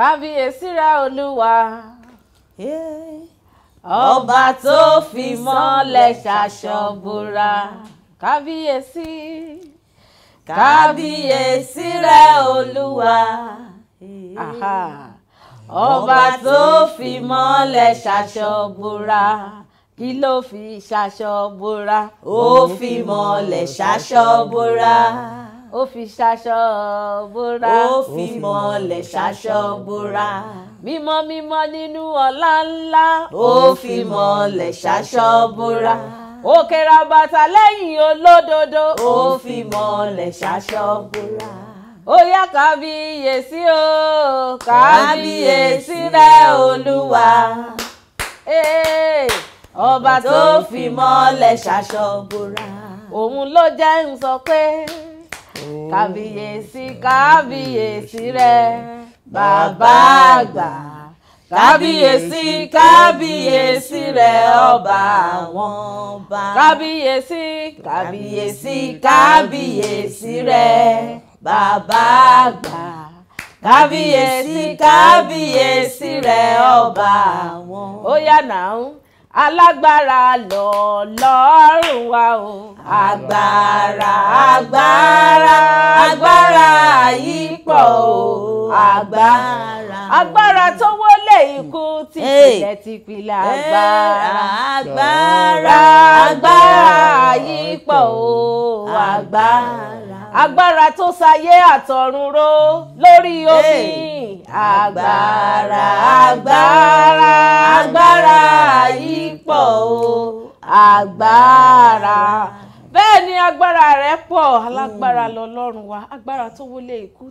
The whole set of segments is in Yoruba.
kábíyèsí rẹ olúwa ọba tó fi mọ́lẹ̀ ṣaṣọ bora kábíyèsí kábíyèsí rẹ olúwa ọba tó fi mọ́lẹ̀ ṣaṣọ bora kí ló fi ṣaṣọ bora ó fi mọ́lẹ̀ ṣaṣọ bora ó fi ṣaṣọ búra. ó fi mọ́lẹ̀ ṣaṣọ búra. mímọ́ mímọ́ nínú ọlá ńlá. ó fi mọ́lẹ̀ ṣaṣọ búra. òkè rabata lẹ́yìn olódodo. ó fi mọ́lẹ̀ ṣaṣọ búra. ó yá kábíyèsí o kábíyèsí rẹ olúwa. ọba tó fi mọ́lẹ̀ ṣaṣọ búra. òun ló jẹ́ ń sọ pé kábíyèsí kábíyèsí rẹ bàbá àgbà kábíyèsí kábíyèsí rẹ ọba àwọn ọba kábíyèsí kábíyèsí kábíyèsí rẹ bàbá àgbà kábíyèsí kábíyèsí rẹ ọba àwọn. ó yá nàá alágbára lọ́lọ́run wa o. agbára agbára agbára yìí pọ̀ o. agbára agbára tó wọlé ikú tí ìpìlẹ̀ ti pìlẹ̀ agbára. agbára agbára yìí pọ̀ o. agbára agbára tó sayé àtọ̀run ró lórí omi agbára agbára agbára yìí pọ̀ o agbára bẹ́ẹ̀ ni agbára rẹ̀ pọ̀ hmm. alágbára lọ́lọ́run wa agbára tó wọlé ikú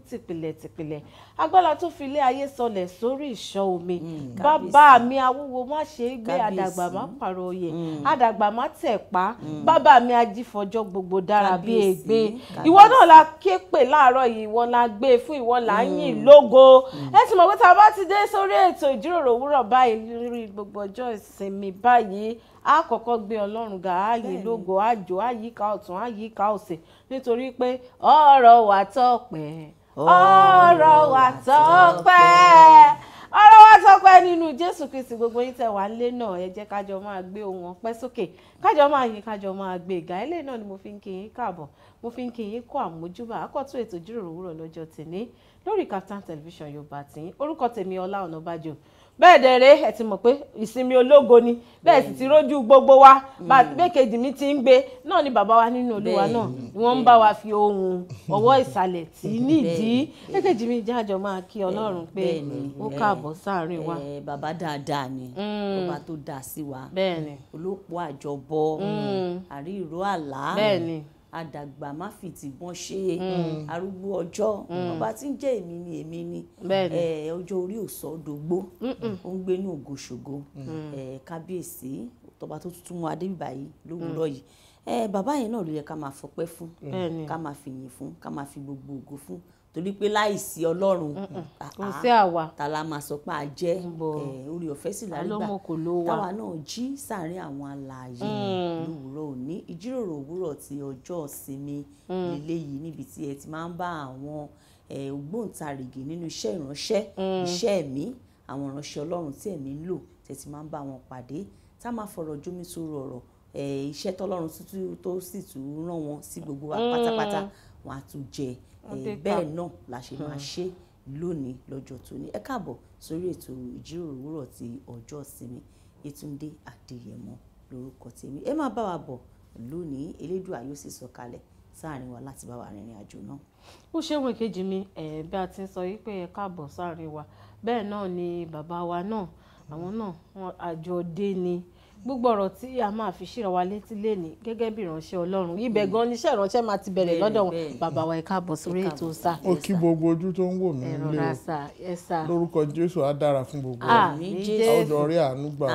tìpìlẹ̀ agbára tó fi ilé ayé sọlẹ̀ sórí ìṣàn omi hmm, bàbá mi awúwo má ṣe é gbé àdàgbà má pààrọ̀ oyè hmm. àdàgbà má tẹ̀ pa hmm. bàbá mi ajífọjọ́ gbogbo dára bí ègbé ìwọ náà la ké pè láàárọ̀ yìí ìwọ la gbé e fún ìwọ là ń yìn lógo ẹ sì mọ̀ pé tá a bá ti dé sórí ètò ìjíròrò òwúrọ̀ báyìí lórí gbogbo ọjọ́ ìsinmi báyìí a kọ́kọ́ gbé ọlọ́run ga ààyè lógo àjò àyíká ọ̀tún àyíká òsè nítorí pé ọ̀rọ̀ wà tọ́pẹ́ ọ̀rọ̀ wa tọ́pẹ́ ọ̀rọ̀ wa tọ́pẹ́ nínú jésù kristi gbogbo yín tẹ̀ wá lé náà ẹ jẹ́ kájọ máa gbé ohun ọpẹ́ sókè kájọ máa yìn kájọ máa gbé ìgbà ilé náà ni mo fi ń kí yín káàbọ̀ mo fi ń kí yín kó àmójúbà àkọ́tún ètò ìjíròrò òwúrọ̀ lọ́jọ́ tèmi lórí Kaftan television yorùbá tí orúkọ tèmi ọlá ọ̀nàbàjò bẹ́ẹ̀ dẹ̀rẹ́ ẹ ti mọ̀ pé ìsinmi ológo ni bẹ́ẹ̀ sì ti rójú gbogbo wa mm. bẹ́ẹ̀kejì mi ti ń gbé náà ni bàbá wa nínú olúwa náà ni wọ́n ń bá wa fi ohun ọwọ́ ìsàlẹ̀ tí nídìí bẹ́ẹ̀kejì mi jájọ máa kí ọlọ́run pé ó káàbọ̀ sáàrin wa. bàbá dáadáa ni mm. bàbá tó dáa sí wa olóòpó àjọbọ mm. àrí ìró àlá àdàgbà má fi tìbọn ṣe hmm. arúgbó ọjọ́ ọba hmm. tí ń jẹ́ èmi ni èmi ni ọjọ́ orí ò sọ dògbó ó ń gbénú ògòṣògo hmm. kábíyèsí tọba tó tuntun mú adébíbá yìí lówùúrọ̀ yìí bàbá yẹn náà ló yẹ ká máa fọpẹ́ fún ká máa fìyìn fún ká máa fi gbogbo ògo fún torí pé láìsí ọlọ́run kò sí àwa ta la máa sọ pé a jẹ́ orí ọ̀fẹ́ sì lárígbà táwa náà jí sàárín àwọn alààyè mm. lówùúrọ̀ òní ìjíròrò òwúrọ̀ ti ọjọ́ ìsinmi mm. lélẹ́yìí níbi tí ẹ ti máa ń bá àwọn ògbóǹtarìgì nínú iṣẹ́ ìránṣẹ́ mm. iṣẹ́ ẹ̀mí àwọn ìránṣẹ́ ọlọ́run tí ẹ̀mí ń lò tẹ̀ ti máa ń bá wọn pàdé tá máa fọ̀rọ̀ jómi tó iṣẹ́ tọ́lọ́run tó sì tún rán wọn sí gbogbo wa pátápátá wọn á tún jẹ Eh, bẹ́ẹ̀ náà la ṣe máa hmm. ṣe lónìí lọ́jọ́ tóní ẹ káàbọ̀ sórí ètò ìjíròrò òwúrọ̀ ti ọjọ́ ìsinmi Yétúndé Adéyẹmọ lórúkọ tèmi ẹ máa bá wa bọ̀ lónìí Elédùà yóò sì sọ̀kalẹ̀ sáàrin wa láti bá wa rìnrìn àjò náà. ó ṣéwọ̀n kejì mi ẹ̀ bí a ti sọ yìí pé ẹ káàbọ̀ sáàrin wa bẹ́ẹ̀ náà ni bàbá wa náà àwọn náà àjọ dé ni gbogbo ọ̀rọ̀ tí a máa fi ṣíra wa létí lénìí gẹ́gẹ́ bí ìránṣẹ́ Ọlọ́run ibẹ̀ mm. gan níṣẹ́ ìránṣẹ́ máa ti bẹ̀rẹ̀ lọ́dọ̀ wọn bàbá wa ẹ káàbọ̀ sórí ètò sá. ó kí gbogbo ojú tó ń wò mí nílé o lórúkọ Jésù á dára fún gbogbo rẹ àwùjọ rí àánú gbà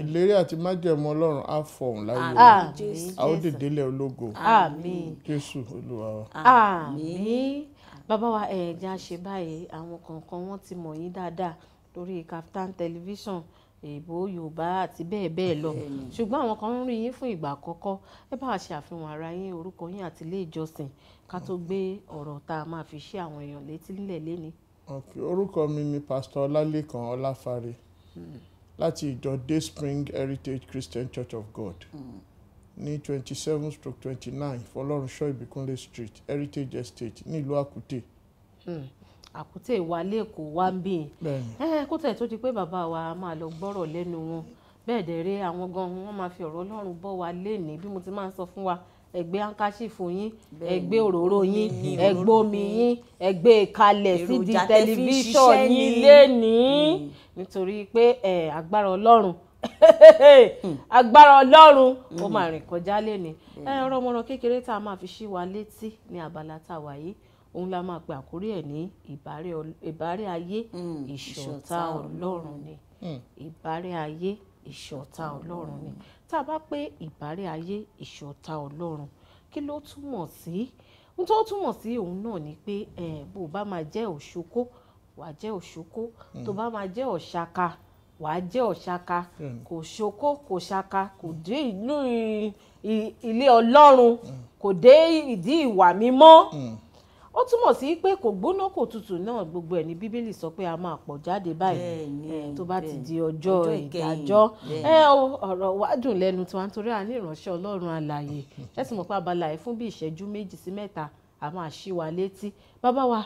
ìlérí àti májẹ̀mú Ọlọ́run á fọ̀hún láyé wa a ó dèdè lẹ̀ ológo Jésù Olúwa wa. àmín bàbá wa ẹ̀ẹ́dá ṣe báyìí àwọn kọ̀ọ̀kan wọn ti mọ̀ yín dáadáa lórí Kaftan television èèbó yorùbá àti bẹ́ẹ̀ bẹ́ẹ̀ lọ ṣùgbọ́n àwọn kan ń rí yín fún ìgbà àkọ́kọ́ ẹ bá ṣe àfihàn ara yín orúkọ yín àti ilé ìjọsìn ká tó gbé ọ̀rọ̀ tá a máa fi ṣe àwọn èèyàn létí nílẹ̀ léni. okay orúkọ mi ni pastor ọlálẹ́kan ọláfáre hmm. láti ìjọ day spring heritage christian church of god hmm. ní twenty seven stroke twenty nine fọlọ́runṣọ́ ìbíkúnlé street heritage estate nílùú àkútè. Hmm àkútè wa lẹ́kọ̀ọ́ wá ń bì í kó tẹ̀ tó di pé bàbá wa máa lọ gbọ́rọ̀ lẹ́nu wọn bẹ́ẹ̀ dẹ̀ rẹ́ àwọn gan wọn máa fi ọ̀rọ̀ Ọlọ́run bọ́ wa léèní bí mo ti máa ń sọ fún wa ẹgbẹ́ ankaṣífù yín ẹgbẹ́ òróró yín ẹgbẹ́ omi yín ẹgbẹ́ ìkalẹ̀ sídi tẹlifíṣàn yín léèní hmm. nítorí pé agbára Ọlọ́run agbára ọlọ́run ó hmm. máa rìn kọjá lẹ́ni ẹ̀rọ ọmọràn kékeré tá a máa fi ṣí wa létí ní abala tá a wà yìí òun la máa pè àkórí ẹ̀ ní ìbárẹ́ hmm, hmm. ayé ìṣọ̀tá ọlọ́run ni ìbárẹ́ ayé ìṣọ̀tá ọlọ́run ni tá a bá pé ìbárẹ́ ayé ìṣọ̀tá ọlọ́run kí ló túmọ̀ sí ohun tó túmọ̀ sí òun náà ni pé bó o bá máa jẹ́ òṣókó wàá jẹ́ òṣókó hmm. tó bá máa jẹ́ ọ̀ṣàkà wàá jẹ́ ọ̀ṣàkà kò ṣokó kò ṣàkà kò dé ìlú ilé ọlọ́run kò dé ìdí ìwà mímọ́ ó túmọ̀ sí pé kò gbóná kò tutù náà gbogbo ẹ̀ ní bíbélì sọ pé a máa pọ̀ jáde báyìí tó bá ti di ọjọ́ ìdájọ́ ẹ ọ̀rọ̀ wa dùn lẹ́nu tí wọ́n torí à ìránṣẹ́ ọlọ́run alààyè ẹ sì mọ̀ pé abala ẹ̀ fún bí ìṣẹ́jú méjì sí mẹ́ta a máa ṣí wa létí bàbá wa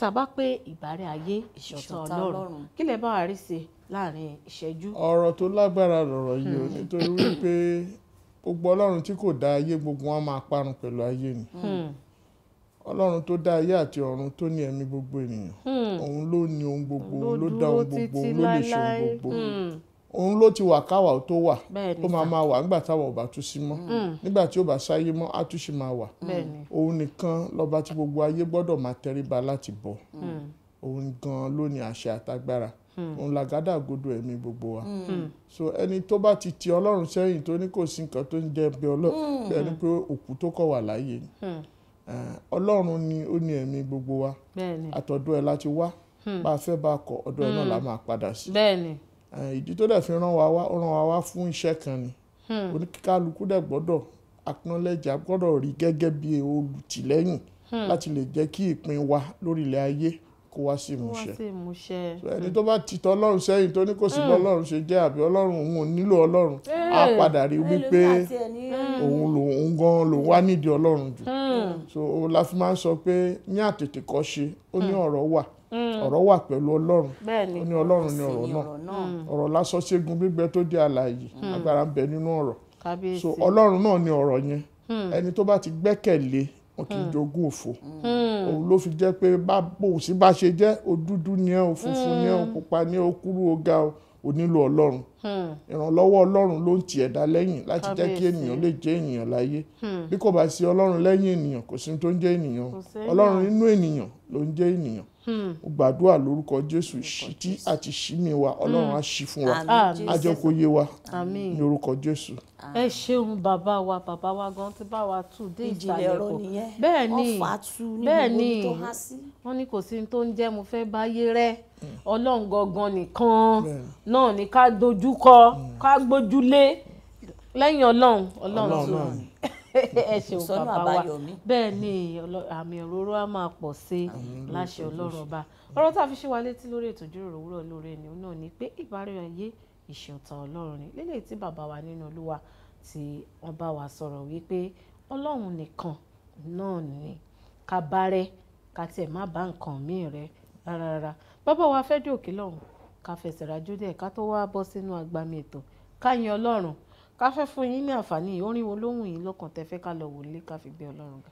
tàbá pé ìbárẹ́ ayé ìṣọ̀tàn ọlọ́run kí lẹ bá wa rí sí láàrin ìṣẹ́jú. ọ̀rọ̀ tó lágbára lọ̀rọ̀ yìí nítorí wípé gbogbo ọlọ́run tí kò dá ayé gbogbo wọn máa parun pẹ̀lú ayé ni. Hmm ọlọ́run tó dá ayé àti ọ̀run tó ní ẹ̀mí gbogbo ènìyàn hmm. òun ló ní ohun gbogbo òun ló dá ohun gbogbo òun ló lè ṣe ohun gbogbo hmm. òun ló ti wà káwa tó wà ó máa máa wà nígbà táwa ò bá tú sí mọ́ hmm. nígbà tí ó bá sáyé mọ́ á máa wà òun nìkan lọ́ba tí gbogbo ayé gbọ́dọ̀ máa tẹríba láti bọ̀ òun gan ló ní àṣẹ àtagbára òun làgádà gbọdọ̀ ẹ̀mí gbogbo wa so ẹni tó bá ti ti ọlọ́run sẹ́yìn tó ní kò sí nǹkan tó ń jẹ́ bí ọlọ́run ẹni pé òkú tó kọ̀ wà láàyè ni. Eh, ọlọ́run ni ó ní ẹ̀mí gbogbo wa àtọ̀dọ̀ ẹ̀ láti wá hmm. bá a fẹ́ bá a kọ̀ ọ̀dọ̀ ẹ̀ náà la hmm. máa padà sí. Eh, ìdí tó dẹ̀ fi rán wa wá ó rán wá fún iṣẹ́ kan ni hmm. oníkálukú dẹ̀ gbọ́dọ̀ acknowledge a gbọ́dọ̀ rí gẹ́gẹ́ bí olùtìlẹ́yìn láti lè jẹ́ kí ìpín wa lórí ayé kó wá sí ìmúṣẹ ẹni tó bá titọ́ ọlọ́run sẹ́yìn tó ní kò sí bọ́lọ́run hmm. ṣe jẹ́ àbí ọlọ́run òun ò nílò ọlọ́run á hmm. padà rí wípé hmm. òun lòun gan lòun wá nídìí ọlọ́run jù so la fi máa ń sọ pé ní àtètè kọ́ ṣe ó ní ọ̀rọ̀ wà ọ̀rọ̀ wà pẹ̀lú ọlọ́run ó ní ọlọ́run ní ọ̀rọ̀ náà ọ̀rọ̀ lásán ṣẹ́gun gbígbẹ tó jẹ́ àlàyé agbára ń bẹ nínú ọ̀rọ̀ so ọlọ́run náà ní ọ̀rọ̀ yẹn ẹni tó bá ti gbẹ́kẹ̀lé wọn kì í hmm. jogún òfò hmm. òun ló fi jẹ́ pé bá bòun sí bá ṣe jẹ́ o dúdú ni ẹ o funfun ni ẹ o hmm. pupa ni ẹ o kúrú o ga o o nílò ọlọ́run ìrànlọ́wọ́ ọlọ́run ló ń ti ẹ̀dá lẹ́yìn láti jẹ́ kí ènìyàn lè jẹ́ ènìyàn láyé bí kò bá sí ọlọ́run lẹ́yìn ènìyàn kò sí tó ń jẹ́ ènìyàn ọlọ́run nínú ènìyàn ló ń jẹ́ ènìyàn Hmm. O gbàdúrà lórúkọ Jésù ṣítí àti ṣími wa hmm. Ọlọ́run á ṣí fún wa á jẹ́ kó yé wa ní orúkọ Jésù. ẹ ṣeun bàbá wa bàbá wa gan ti bá wa tù dé ìjìnlẹ̀ ọ̀rọ̀ nìyẹn bẹ́ẹ̀ ni bẹ́ẹ̀ ni wọ́n ní kò sí ní tó ń jẹ́ mo fẹ́ báyé rẹ́ hmm. Ọlọ́run gangan nìkan náà ni ká dojúkọ ká gbójúlé lẹ́yìn Ọlọ́run Ọlọ́run tó. ẹ ṣeun bàbá wa bẹ́ẹ̀ ni àmì òróró á máa pọ̀ sí láṣẹ ọlọ́run ọba ọ̀rọ̀ tá a fi ṣe wa létí lórí ètò ìjíròrò òwúrọ̀ lóore ni òun náà ni pé ìbárẹ̀ ayé ìṣọ̀tàn ọlọ́run ni lélẹ̀ tí bàbá wa nínú olúwa tí wọ́n bá wa sọ̀rọ̀ wípé ọlọ́run nìkan náà ni ká bárẹ̀ ká tiẹ̀ má bá nǹkan míì rẹ rárá bàbá wa fẹ́ dé òkè lọ́run ká fẹsẹ̀ rájú dẹ̀ ká tó wá bọ́ sínú agbami ètò ká yin ọlọ́run ká fẹ́ fún yín ní àǹfààní orin wo ló wù yín lọ́kàn tẹ́ fẹ́ ká lọ wò lé ká fi gbé ọlọ́run ga.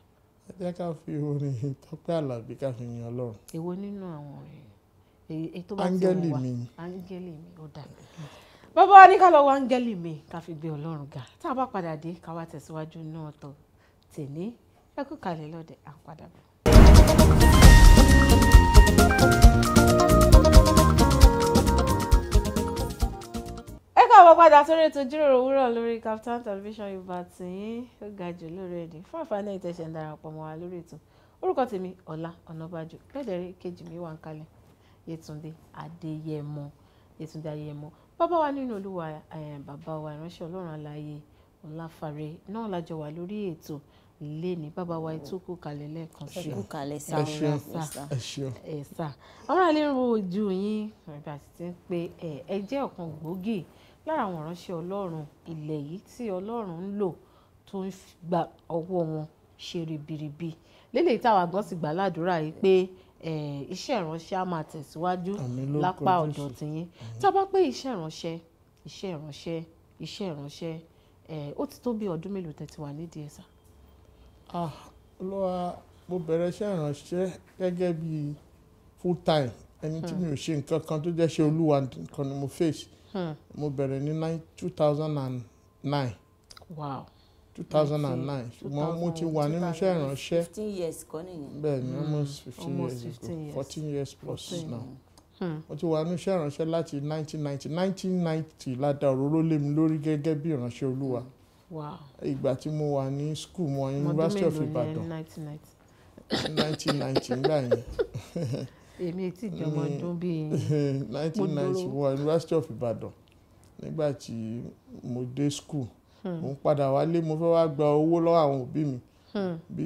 ẹ jẹ́ ká fi orin Tọ́pẹ́ Àlàbí ká fi yin ọlọ́run. èwo nínú àwọn orin èyí tó bá ti wà áńgẹ́lì mi ó dà bàbá ni ní ká lọ wọ áńgẹ́lì mi ká fi gbé ọlọ́run ga tá a bá padà dé ká wá tẹ̀síwájú náà tọ̀ tèmi ẹ kú kalẹ̀ lọ́dẹ̀ à thank you káàbọ̀ padà sórí ètò ìjíròrò òwúrọ̀ lórí Kaftan television yorùbá tí ó ga jù lórí ẹ̀dín fún àǹfààní ìtẹ̀sẹ̀ ń darapọ̀ mọ́ wa lórí ètò orúkọ tèmi Ọlá Ọ̀nàbàjò lẹ́dẹ̀ẹ́rẹ́ kejì mi wà ń kalẹ̀ Yétúndé Adéyẹmọ Yétúndé Adéyẹmọ bàbá wa nínú olúwa eh, bàbá wa ìránṣẹ́ ọlọ́run aláyé ọ̀làfàrẹ náà lájọ wà lórí ètò ilé ní bàbá wa ètò kù kalẹ̀ lẹ́ẹ̀kan sí i kalẹ̀ sáwọn ẹ̀sà ọ̀rọ̀ àlérò ojú yín ẹ̀ bá ti ń pe ẹ̀ eh, ẹ jẹ́ ọ̀kan gbòógì lára àwọn ìránṣẹ́ ọlọ́run ilẹ̀ yìí tí ọlọ́run ń lò tó ń gba ọwọ́ wọn ṣe ribiribi lélẹ́yìí táwa gan sì gbà ládùúrà yìí pé iṣẹ́ ìránṣẹ́ á máa tẹ̀síwájú lápá ọ̀dọ̀ tìyín tá a bá pé iṣẹ́ ìránṣẹ́ iṣẹ́ ìránṣẹ́ iṣẹ́ ìránṣẹ́ ó ti tó bí ọdún mélòó tẹ̀tí wà nídìí ẹ̀ olúwa mo bẹ̀rẹ̀ iṣẹ́ ìránṣẹ́ gẹ́gẹ́ bí full time ẹni tí hmm. mi ò ṣe nǹkan kan tó jẹ́ ṣe olúwa nǹkan ni mo face Hmm. mo bẹ̀rẹ̀ ní two thousand and nine. wow two thousand and nine ṣùgbọ́n mo ti wà nínú iṣẹ́ ìránṣẹ́ fifteen years kọ́ nìyẹn bẹ́ẹ̀ ni hmm. almost fifteen years ago fourteen years plus now hmm. mo ti wà nínú iṣẹ́ ìránṣẹ́ láti nineteen ninety nineteen ninety la dá òróró lé mi lórí gẹ́gẹ́ bí ìránṣẹ́ olúwa ìgbà tí mo wà ní school mo wà ní University of Ibadan nineteen ninety nígbà yẹn èmi ti jọmọ hmm. ọdún bíi nineteen ninety one University of Ibadan nígbà tí mo dé school hmm. mo ń padà wálé mo fẹ́ wá gba owó lọ́wọ́ àwọn òbí mi hmm. bí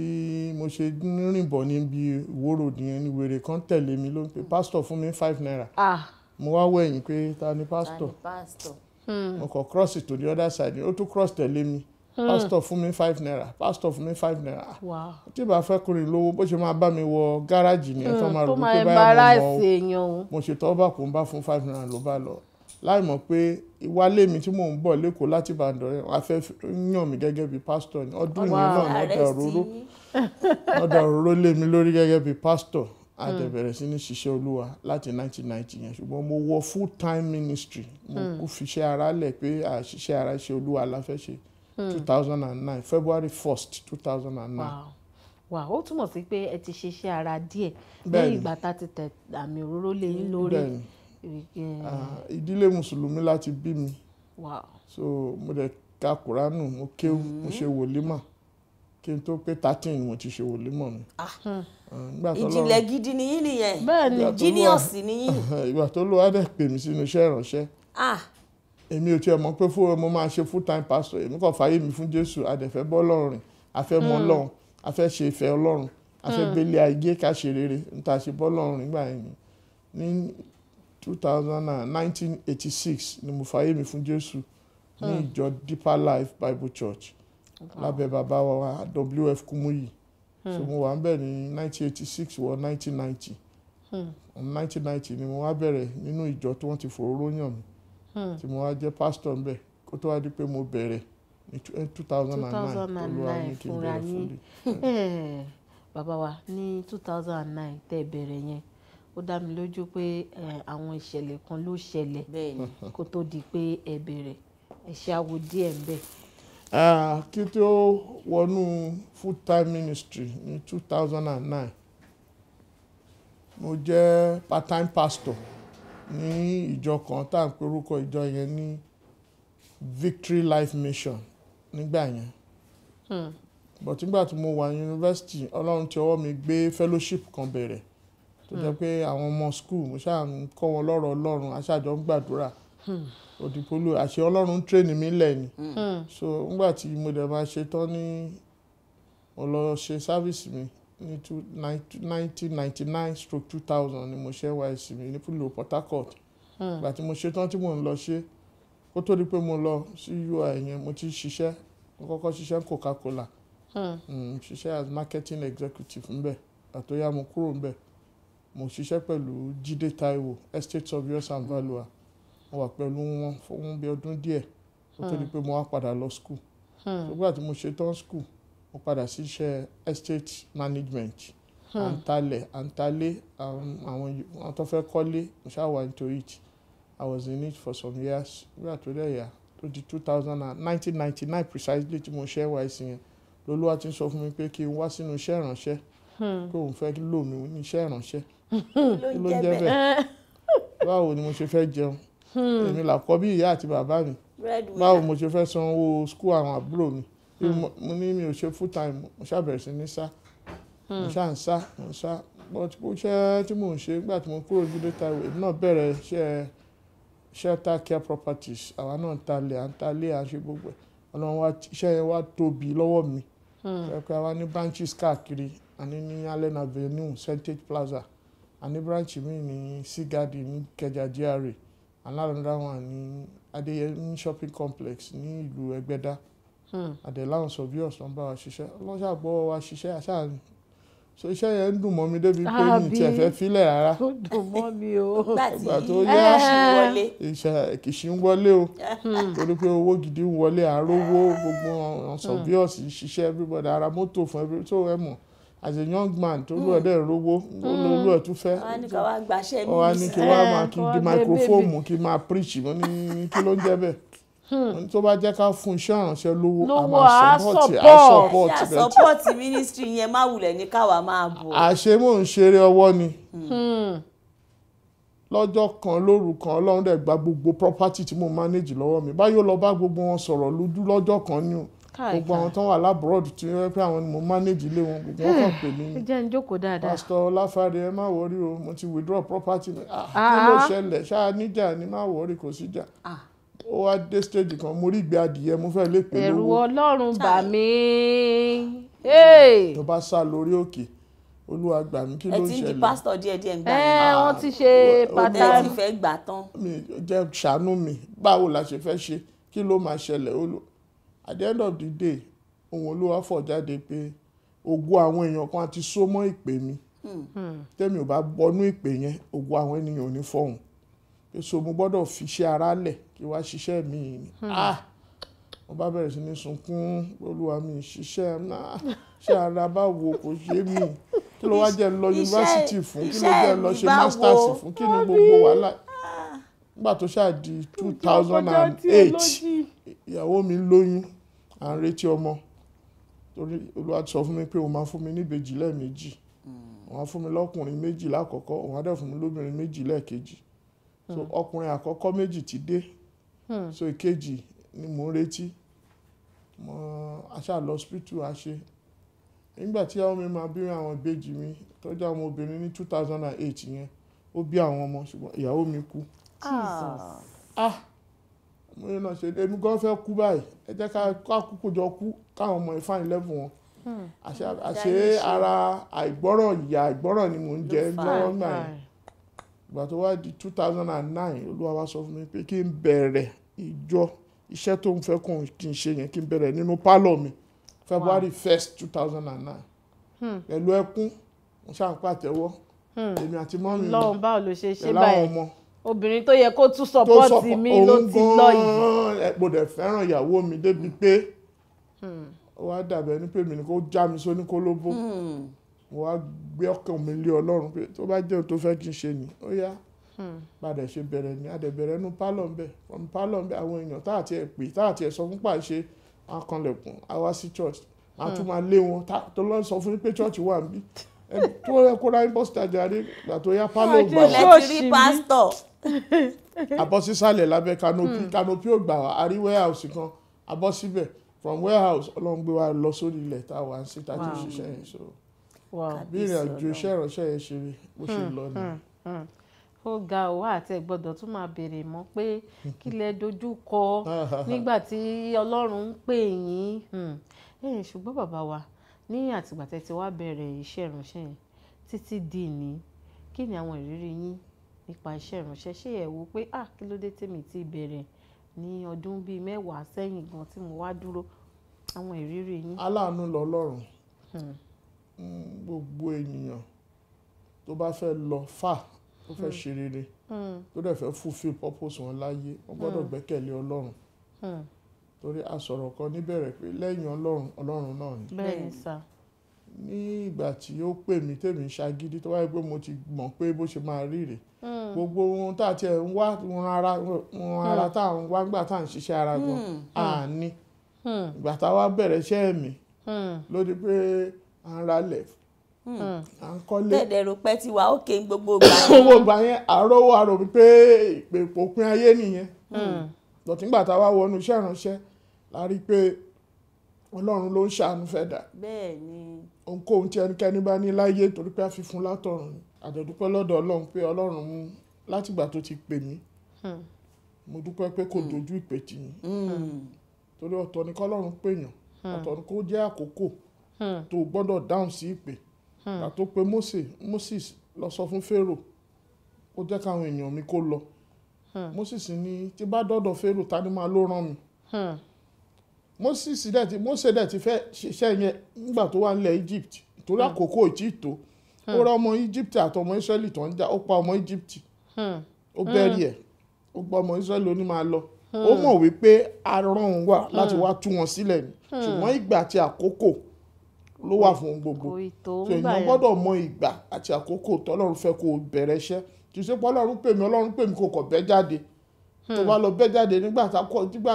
mo ṣe rìn níbi Ìwó Road ni wèrè kan tẹ̀lé mi ló ń pe pásítọ̀ fún mi five naira ah. mo wá wẹ̀yìn pé ta ni pásítọ̀ mo kàn cross to the other side ó tún cross tẹ̀lé mi. Hmm. pásítọ̀ fún mi five naira pásítọ̀ fún mi five naira tí bá fẹ́ kúrin lówó bó ṣe máa bá mi wọ gáràjì ni ẹ̀fọ́ hmm, máa rò pé báyà mo mọ̀ mo ṣètò ọba kò ń bá fún five naira ló bá lọ láì mọ̀ pé ìwálé mi tí mò ń bọ̀ lẹ́kọ̀ọ́ láti Ìbàdàn yẹn wàá fẹ́ yàn mí gẹ́gẹ́ bíi pásítọ̀ ni ọdún yìí náà wọ́n da òróró wọ́n òróró lé mi lórí gẹ́gẹ́ bíi pásítọ̀ a dẹ̀ hmm. bẹ̀rẹ̀ sí ní ṣiṣẹ́ olúwa láti 1990 yẹn ṣùgbọ́n mo wọ full time ministry mo kú fiṣẹ́ ara lẹ̀ pé àṣiṣẹ́ ara ṣe olúwa la fẹ́ ṣe. 2009, hmm. February 1st, 2009. and wow. wà ó túmọ̀ sí pé ẹ ti ṣiṣẹ́ ara díẹ̀ lẹ́yìn ìgbà tá ti tẹ̀ àmì òróró lé yín lórí. Ah, eh, ìdílé mùsùlùmí láti bí mi so mo dẹ̀ ka kuranu mo kéwú mo hmm. ṣe wòlímà kí n tó pé thirteen mo ti ṣe wòlímọ̀ mi. Ah, hmm. ah, ìjìnlẹ̀ gidi ni yín nìyẹn bẹ́ẹ̀ ni genius ni yín. ìgbà tó lọ́wọ́ á dẹ̀ pè mí sínú iṣẹ́ ìránṣẹ́ èmi ò tiẹ̀ mọ̀ pé fún mo máa ṣe full time pastor èmi kàn fàyè mi fún Jésù àdẹ̀fẹ́ bọ́ lọ́rùn rìn àfẹ́ mọ hmm. Ọlọ́run àfẹ́ ṣe ìfẹ́ Ọlọ́run àfẹ́ hmm. gbélé ayé ká ṣe rere níta ṣe bọ́ lọ́rùn rìn gbà yẹn ní two thousand and nineteen eighty six ni mo fàyè mi fún Jésù ní hmm. ìjọ Deeper Life Bible Church lábẹ́ bàbá wa WF Kumuyi so mo wà ń bẹ̀ ní nineteen eighty six wọ nineteen ninety ni mo wá bẹ̀rẹ̀ nínú ìjọ tí wọ́n ti fòróró yàn mí Hmm. tí mo wá jẹ́ pásítọ̀ ńbẹ̀ kó tó wá di pé mo bẹ̀rẹ̀ ní two thousand and nine olúwa oh ní kí n bẹ̀rẹ̀ fúnlẹ̀. Eh, bàbá wa ní two thousand and nine tẹ́ ẹ bẹ̀rẹ̀ yẹn ó dá mi lójú pé eh, àwọn ìṣẹ̀lẹ̀ kan ló ṣẹlẹ̀ kó tó di pé ẹ bẹ̀rẹ̀ ẹ ṣe àwo díẹ̀ ńbẹ̀. Ah. Ah, kí tó wọnú full time ministry ní two thousand and nine mo jẹ́ part time pastor ní ìjọ kan tá à ń porúkọ ìjọ yẹn ní Victory Life Mission nígbà yẹn hmm. but nígbà tí mo wà yunifásitì ọlọ́run ti ọwọ́ mi gbé fellowship kan bẹ̀rẹ̀ tó jẹ́ hmm. pé àwọn ọmọ school mo ṣáà ń kọ́ wọn lọ́rọ̀ ọlọ́run aṣáájọ ń gbàdúrà òdìpolú hmm. àṣẹ ọlọ́run ń tírèènì mi lẹ̀ so nígbà tí mo dẹ̀ máa ṣe tán ní mo sáfíìsì mi ní nineteen ninety nine stroke two thousand ni mo ṣe nysc mi ní púlò Port Harcourt hmm. ìgbà tí mo ṣe tán tí mò ń lọ ṣe kó tó di pé mo lọ sí UI yẹn mo ti ṣiṣẹ́ mo kọ́kọ́ ṣiṣẹ́ Coca-Cola hmm. Hmm, ṣiṣẹ́ as marketing executive ńbẹ̀ àtọ́yá mo kúrò ńbẹ̀ mo ṣiṣẹ́ pẹ̀lú Jídé Táíwò estate surveyors and valua, mo wà pẹ̀lú wọn fún bí ọdún díẹ̀ kó tó di pé mo wá padà lọ school nígbà tí mo ṣe tán school mo padà síṣẹ́ estate management hmm. à ń àwọn tó fẹ́ kọ́lé mo ṣáà wà into it I was in it for some years nígbà tó dẹ̀ yà tó di two thousand and nineteen ninety nine precisely tí mo ṣe wáyé sí yẹn lolúwa ti ń sọ fún mi pé kí n wá sínú iṣẹ́ ìránṣẹ́ hmm. pé òun fẹ́ lò mí ní iṣẹ́ ìránṣẹ́ kí ló ń jẹ́ bẹ́ẹ̀ báwo ni mo ṣe fẹ́ jẹun hmm. èmi làkọ́ bí ìyá àti bàbá mi báwo mo ṣe fẹ́ san owó àwọn àbúrò mi Hmm. mo ní mi ò ṣe full time mo nisa. sí ní sá mo hmm. ṣá ń sá mo ń sá but bó ṣe tí mò ń ṣe nígbà care properties àwa náà ń talẹ̀ à ń talẹ̀ à ń ṣe gbogbo ẹ̀ wa iṣẹ́ yẹn wá tóbi lọ́wọ́ mi hmm. plaza àní branch mi ní sea garden ní kẹjà GRA another one ní shopping complex ní ìlú ẹgbẹ́dá. àdèláhùn sọ̀bíọ̀s tó ń bá wa ṣiṣẹ́ ọlọ́ṣà gbọ́ wa ṣiṣẹ́ àṣà so iṣẹ́ yẹn ń dùn mọ́ mi débi pé mi tiẹ̀ fẹ́ filẹ̀ rárá ìgbà tó yá kìsì ń wọlé o hmm. torí pé owó gidi ń wọlé àrówó gbogbo sọ̀bíọ̀s hmm. ṣiṣẹ́ everybody ara mọ́tò fún everybody tó ẹ mọ̀ as a young man tó lù ẹ dẹ rówó olú hmm. ẹ tún fẹ́ ọ wa ní kí wàá máa eh, kí n di microphone kí n máa preach mo ní kí ló ń jẹ́ bẹ́ẹ̀. Hmm. tó bá jẹ́ ká fún iṣẹ́ ìrànṣẹ́ lówó a máa sọ́pọ̀tì a sọ́pọ̀tì rẹ̀. sọ́pọ̀tì mínísítírì yẹn má wulẹ̀ ní káwa máa bọ̀. àṣé mò ń ṣeré ọwọ́ ni hmm. Hmm. lọ́jọ́ kan lóru kan ọlọ́run dẹ̀ gba gbogbo property tí mo manage lọ́wọ́ mi báyọ̀ lọ bá gbogbo wọn sọ̀rọ̀ lójú lọ́jọ́ kan ni o gbogbo àwọn tó wà lábúròd tí wọ́n pẹ́ àwọn ni mo manage ilé wọn gbogbo wọn kàn pè mí ni jẹ́ ń jókòó dáadáa pásítọ̀ ọláfàdé ẹ má wọrí o mo ti withdraw property mi ah kí ah. ló ṣẹlẹ̀ ṣáà níjà ni má wọrí kò síjà. Ah ó wá dé stage kan mo rí ìgbẹ́ adìyẹ mo fẹ́ lè pè lówó ẹ̀rù ọlọ́run bà mí. tó bá sá lórí òkè olúwa gbà mí kí ló ń ṣẹlẹ̀ ẹ ti di pásítọ̀ díẹ̀ díẹ̀ ń gbà mí. ẹ eh, wọ́n ti ṣe pàtàkì ẹ ti fẹ́ gbà tán. mi jẹ́ ṣàánú mi báwo la ṣe fẹ́ ṣe kí ló máa ṣẹlẹ̀ at the end of the day ohun olúwa fọ̀ jáde pé ògo àwọn èèyàn kan àti sómọ́ ìpè mi hmm. Hmm. tẹ́mi ò bá bọnú ìpè yẹn ògo àwọn ènìyàn ò ní fọ̀hún pé so mo gbọ́dọ̀ fi iṣẹ́ ara lẹ̀ kí wá ṣiṣẹ́ mi ni hmm. ah mo bá bẹ̀rẹ̀ sí ní sunkún olúwa mi ṣiṣẹ́ náà ṣé ara bá wo kò yé mi kí ló wá jẹ́ lọ yunifásitì fún kí ló jẹ́ lọ ṣe masters fún kí ni gbogbo wàhálà ah! nígbà tó ṣáà di two thousand and eight ìyàwó mi lóyún à ń retí ọmọ torí olúwa sọ fún mi pé òun máa fún mi níbejì lẹ́ẹ̀mejì hmm. òun á fún mi lọ́kùnrin méjì lákọ̀ọ́kọ́ òun á dẹ̀ fún mi lóbìnrin méjì lẹ́ẹ̀kejì so hmm. ọkùnrin àkọ́kọ́ méjì ti dé hmm. so ìkejì ni mò ń retí mo aṣáà lọ hospital àṣe nígbà tí àwọn mi máa bí àwọn ìbejì mi tọ́jú àwọn obìnrin ní two thousand and eight yẹn ó bí àwọn ọmọ ṣùgbọ́n ìyàwó mi kú. ah mo yẹn náà ṣe èmi gan fẹ́ kú báyìí ẹ jẹ́ ká kúkú jọ kú káwọn ọmọ ìfáàní lẹ́bùn wọn hmm. àṣé ara àìgbọ́rọ̀ ìyà àìgbọ́rọ̀ ni mò ń jẹ lọ́wọ́ gbà ìgbà tó wá di two thousand and nine olúwa wá sọ fún mi pé kí n bẹ̀rẹ̀ ìjọ iṣẹ́ tó ń fẹ́ kó kí n ṣe yẹn kí n bẹ̀rẹ̀ nínú pálọ̀ mi february first two thousand and nine hmm. pẹ̀lú ẹkún mo ṣáà ń pàtẹ́wọ́ hmm. èmi àti mọ́mí mi lọ́wọ́ báwo ló ṣe ṣe báyìí obìnrin tó yẹ kó tún sọpọ́ọ̀tì mi ló ti lọ yìí. mo dẹ̀ fẹ́ràn ìyàwó mi débi pé hmm. ó wá dàbẹ̀ ní pé mi ni kó já mi sóní kólóbó mo wá gbé ọkàn mi lé ọlọ́run pé tó bá jẹ́ ohun tó fẹ́ kí n ṣe ni ó yá padà hmm. ṣe bẹ̀rẹ̀ ni adẹ̀bẹ̀rẹ̀ nu pálọ̀ ń bẹ̀ ọ̀nù pálọ̀ ń bẹ̀ àwọn èèyàn tá àti ẹ̀ pè tá àti ẹ̀ sọ fún pàṣẹ akànlẹ̀kùn àwa sí church a tún hmm. máa lé wọn tó lọ́n sọ fún pé church wà níbí tó yẹ kó ra impost àjàre gbà tó yá pálọ̀ ń gbà wá abọ́ sísàlẹ̀ lábẹ́ kanopi kanopi hmm. ò gbà wá a rí warehouse kan abọ́ síbẹ̀ from warehouse ọlọ́run gbé wa lọ sórí ilẹ̀ tá a wà ń sí tá a yẹn so bí ìrìn àjò iṣẹ́ ìránṣẹ́ yẹn ṣe rí bó ṣe hmm, lọ ni. Hmm, hmm. ó ga òwò àti ẹ̀gbọ́dọ̀ tún máa béèrè mọ́ pé kí lẹ dojú kọ nígbà tí ọlọ́run ń pè yín ṣùgbọ́n bàbá wa ní àtìgbà tẹ́ ti wá bẹ̀rẹ̀ iṣẹ́ ìránṣẹ́ yẹn títí di ní kí ni àwọn ìrírí yín nípa iṣẹ́ ìránṣẹ́ ṣé ẹ wò pé ah kí ló dé tèmi ti bẹ̀rẹ̀ ní ọdún bíi mẹ́wàá sẹ́yìn gan tí mo wá dúró àwọn ìrírí yín. aláàánú lọ́lọ́run gbogbo ènìyàn tó bá fẹ́ lọ fà tó fẹ́ hmm. ṣe rere hmm. tó dẹ̀ fẹ́ fulfil purpose wọn láyé wọ́n hmm. gbọ́dọ̀ gbẹ́kẹ̀lé ọlọ́run torí a sọ̀rọ̀ kan níbẹ̀rẹ̀ pé lẹ́yìn ọlọ́run ọlọ́run náà ni. bẹ́ẹ̀ni sá. ní ìgbà tí ó pè mí tèmi ṣagídí tó wáyé pé mo ti mọ̀ pé bó ṣe máa rí rèé gbogbo ohun tá a tiẹ̀ ń wá ran ara tá a ń wá gbà tá a ń ṣiṣẹ́ ara gan àní ìgbà tá bẹ̀rẹ̀ iṣẹ́ mi ló pé à ń ralẹ̀ hmm. à ń kọ́lé. bẹ́ẹ̀ dẹ̀rù pẹ́ ti wà ókè ń gbogbo ìgbà yẹn. gbogbo ìgbà yẹn àròwọ́ àrò wípé ìpè òpin ayé nìyẹn. lọ́tìgbà hmm. tá a wá wọnú iṣẹ́ ìránṣẹ́ la rí i pé ọlọ́run ló ń ṣàánú fẹ́ dà. bẹ́ẹ̀ ni. ohunkóhun tí ẹnikẹ́ni bá ní láyé torí pé a fi fún látọ̀run ni àdẹ̀dúpẹ́ lọ́dọ̀ ọlọ́run pé ọlọ́run mú látìgbà tó ti pè mí hmm. mo dúpẹ́ pé kò dojú ìpè tì mí torí ọ̀tọ̀ ni kọ́lọ́run pèèyàn ọ̀tọ̀ ni kò jẹ́ àkókò. Hmm. tó gbọ́dọ̀ dáhùn sí ìpè hmm. ìgbà tó pe Mose Moses lọ sọ fún Pharaoh ó jẹ́ káwọn èèyàn mi kó lọ Moses hmm. ní tí bá dọ́dọ̀ Pharaoh ta ni máa ló rán mi Moses dẹ̀ ti Mose dẹ̀ ti fẹ́ ṣiṣẹ́ yẹn nígbà tó wà nílẹ̀ Egypt torí àkókò ìtì tó ó rá ọmọ Egypt àtọmọ Israeli tó ń jà ó pa ọmọ Egypt ó bẹ́ẹ̀rì ẹ̀ ó gba ọmọ Israeli ó ní máa lọ ó mọ̀ wípé arán wà láti wá tú wọn sílẹ̀ ni ṣùgbọ́n ìgbà àti àkókò ló wà fún gbogbo so èèyàn gbọ́dọ̀ mọ ìgbà àti àkókò tọ́lọ́run fẹ́ kó bẹ̀rẹ̀ iṣẹ́ kì í ṣe pé ọlọ́run pè mí ọlọ́run pè mí kò kọ̀ bẹ́ jáde hmm. tó bá lọ bẹ́ jáde nígbà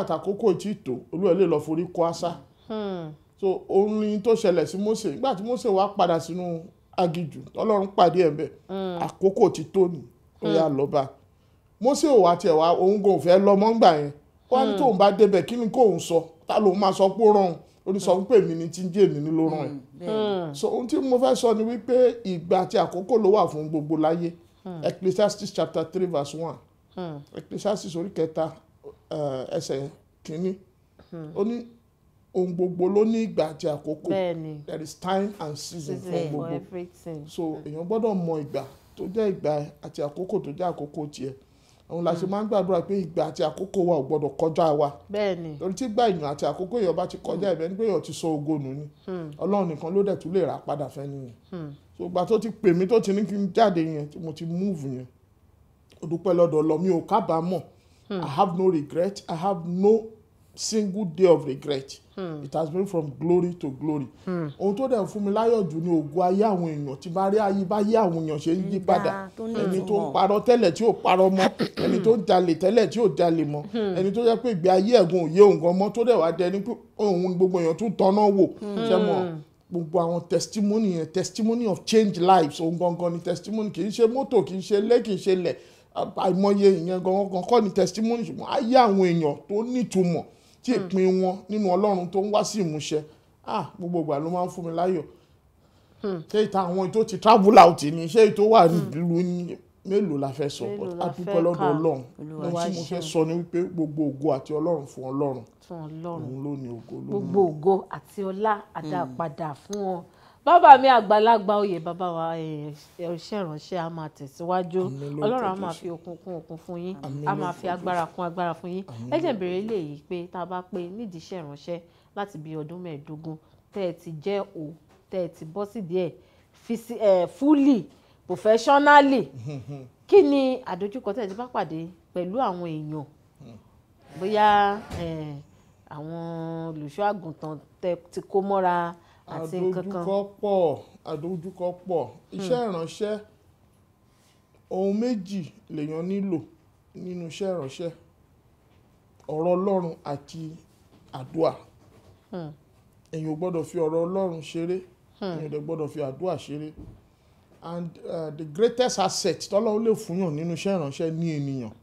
àtàkókò tí ì tó olúwa lè lọ forí kó àṣà hmm. so orin tó ṣẹlẹ̀ sí Mósè nígbà tí Mósè wá padà sínú aginjù ọlọ́run pàdé ẹ̀ bẹ́ẹ̀ hmm. àkókò ti tó ni ó yà lọ́ba Mósè ò wá tiẹ̀ wá òun kò fẹ́ lọ mọ́ ngbà yẹn wọ́n á ní tóun bá débẹ̀ kí ni kóun sọ ta lòun máa sọ pé ó rọrùn ó ní sọ wípé èmi ni tí ń jẹ́ èmi ni ló ẹ mm, so ohun tí mo fẹ́ sọ ni wípé ìgbà àti àkókò ló wà fún gbogbo láyé mm. ecclesiastes chapter three verse one mm. ecclesiastes orí kẹta eh, ẹsẹ̀ kínní ó ní ohun gbogbo ló ní ìgbà àti àkókò there is time and season for gbogbo so èèyàn gbọ́dọ̀ mọ ìgbà tó jẹ́ ìgbà àti àkókò tó jẹ́ àkókò tiẹ̀ òun la ṣe mm. máa ń gbàdúrà pé ìgbà àti àkókò wa ò gbọdọ̀ kọjá wa bẹ́ẹ̀ni torí tí gbà èèyàn àti àkókò èèyàn bá ti kọjá ẹ̀bẹ̀ mm. ni èèyàn ti sọ ògo nù ni mm. ọlọ́run nìkan ló dẹ̀ tún lè rà padà fẹ́ nìyẹn so ìgbà tó ti pè mí tó ti ní kí n jáde yẹn tí mo ti múùvù yẹn ó dúpẹ́ lọ́dọ̀ lọ mi ò kábàámọ̀ I have no regret I have no single day of regret hmm. it has been from glory to glory hmm. ohun tó dẹ̀ fún mi láyọ̀ jù ni ògo ayé àwọn èèyàn tí bá rí ayé bá yé àwọn èèyàn ṣe ń yí padà ẹni tó ń parọ́ tẹ́lẹ̀ tí ò parọ́ mọ́ ẹni tó ń jalè tẹ́lẹ̀ tí ò jalè mọ́ hmm. ẹni tó jẹ́ pé ìgbé ayé ẹ̀gùn òye òǹgàn mọ́ tó dẹ̀ wá dẹ ní pé òun gbogbo èèyàn tún tọ́nà wò hmm. ṣe gbogbo àwọn testimony yẹn testimony of change lives òun gangan ni testimony kì í ṣe mọ́tò kì í ṣe ilé kì í ṣe ilẹ̀ àìmọye ìyẹn gangan kọ́ ni testimony ṣùgbọ́n ayé àwọn èèyàn tó nítumọ̀ tí ìpín hmm. wọn nínú ọlọ́run tó ń wá sí ìmúṣẹ ah gbogbo ìgbà ló máa ń fún mi láyọ̀ hmm. ṣé ìta àwọn ètò ti travel out ni ṣé ètò wà hmm. nílùú ní mélòó la fẹ́ sọ a dúpẹ́ lọ́dọ̀ ọlọ́run ohun tí mo fẹ́ sọ ni wípé gbogbo ògo àti ọlọ́run fún ọlọ́run òun ló ní ògo lónìí. gbogbo ògo àti ọlá àdápadà fún ọ bàbá mi àgbàlagbà oyè bàbá wa ẹ̀ṣẹ̀ ìránṣẹ́ a máa tẹ̀síwájú ọlọ́run a máa fi okun kún okun fún yín a máa fi agbára kún agbára fún yín ẹ jẹ́ n béèrè eléyìí pé tá a bá pé nídìí iṣẹ́ ìránṣẹ́ láti bí ọdún mẹ́ẹ̀ẹ́dógún tẹ́ ẹ ti jẹ́ o tẹ́ ẹ ti bọ́ sí díẹ̀ fúlì professionally kí ni àdójúkọ tẹ́ ẹ ti bá pàdé pẹ̀lú àwọn èèyàn bóyá àwọn olùṣọ́ àgùntàn tẹ́ ti kó mọ́ra àti nǹkan kan àdójúkọ pọ̀ àdójúkọ pọ̀ iṣẹ́ hmm. ìránṣẹ́ ohun méjì lèèyàn nílò nínú iṣẹ́ ìránṣẹ́ ọ̀rọ̀ Ọlọ́run àti àdúà hmm. èyàn ò gbọ́dọ̀ fi ọ̀rọ̀ Ọlọ́run ṣeré hmm. èyàn ò gbọ́dọ̀ fi àdúà ṣeré and uh, the greatest asset tọ́lọ́run lè fúnyàn nínú iṣẹ́ ìránṣẹ́ ní ènìyàn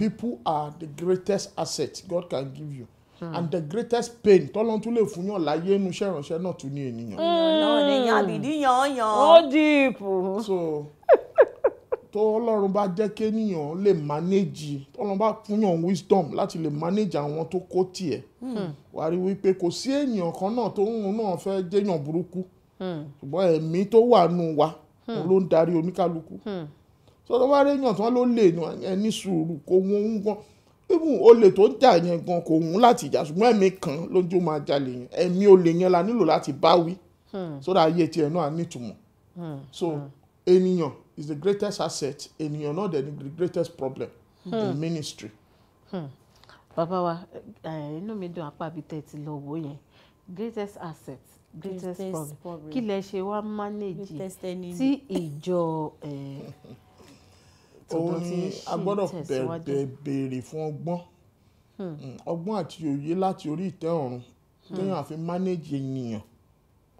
people are the greatest asset God can give you. Hmm. and the greatest pain tọ́lọ́n tún lè fún yàn láyé inú iṣẹ́ ìránṣẹ́ náà tún ní ènìyàn. Hmm. náà nìyàn àbìdí yàn án yàn. ó dìpọ̀. so tó ọlọ́run bá jẹ́ kéèyàn lè manage ọlọ́run bá fún yàn wisdom láti lè manage àwọn tó kó tiẹ̀ hmm. wà á rí wípé kò sí èèyàn kan náà tó ń náà fẹ́ jẹ́yàn burúkú ṣùgbọ́n ẹ̀mí tó wà nù wa ló ń darí oníkálukú sọ́dọ̀ wá rí èèyàn tí wọ́n ló lè ẹni sùúrù kó wọ́n ń gbọ́n even olè tó jà yẹn gan kò wù láti jà ṣùgbọ́n ẹ̀mí kan lójú máa jalè yẹn ẹ̀mí olè yẹn la nílò láti bá wí hmm. so that ayé tiẹ̀ náà nítumọ̀ hmm. so hmm. ènìyàn is the greatest asset ènìyàn náà dẹ̀ ni the greatest problem hmm. in ministry. Hmm. bàbá wa inú mi dùn apá bíi tẹ́ ti lọ wò yẹn greatest asset greatest, problem kí lẹ ṣe wá manage tí ìjọ. òun ni a gbọ́dọ̀ bẹ̀rẹ̀ béèrè fún ọgbọ́n hmm. Hmm, ọgbọ́n àti òye láti orí ìtẹ́ ọ̀run hmm. téèyàn àfi manage ènìyàn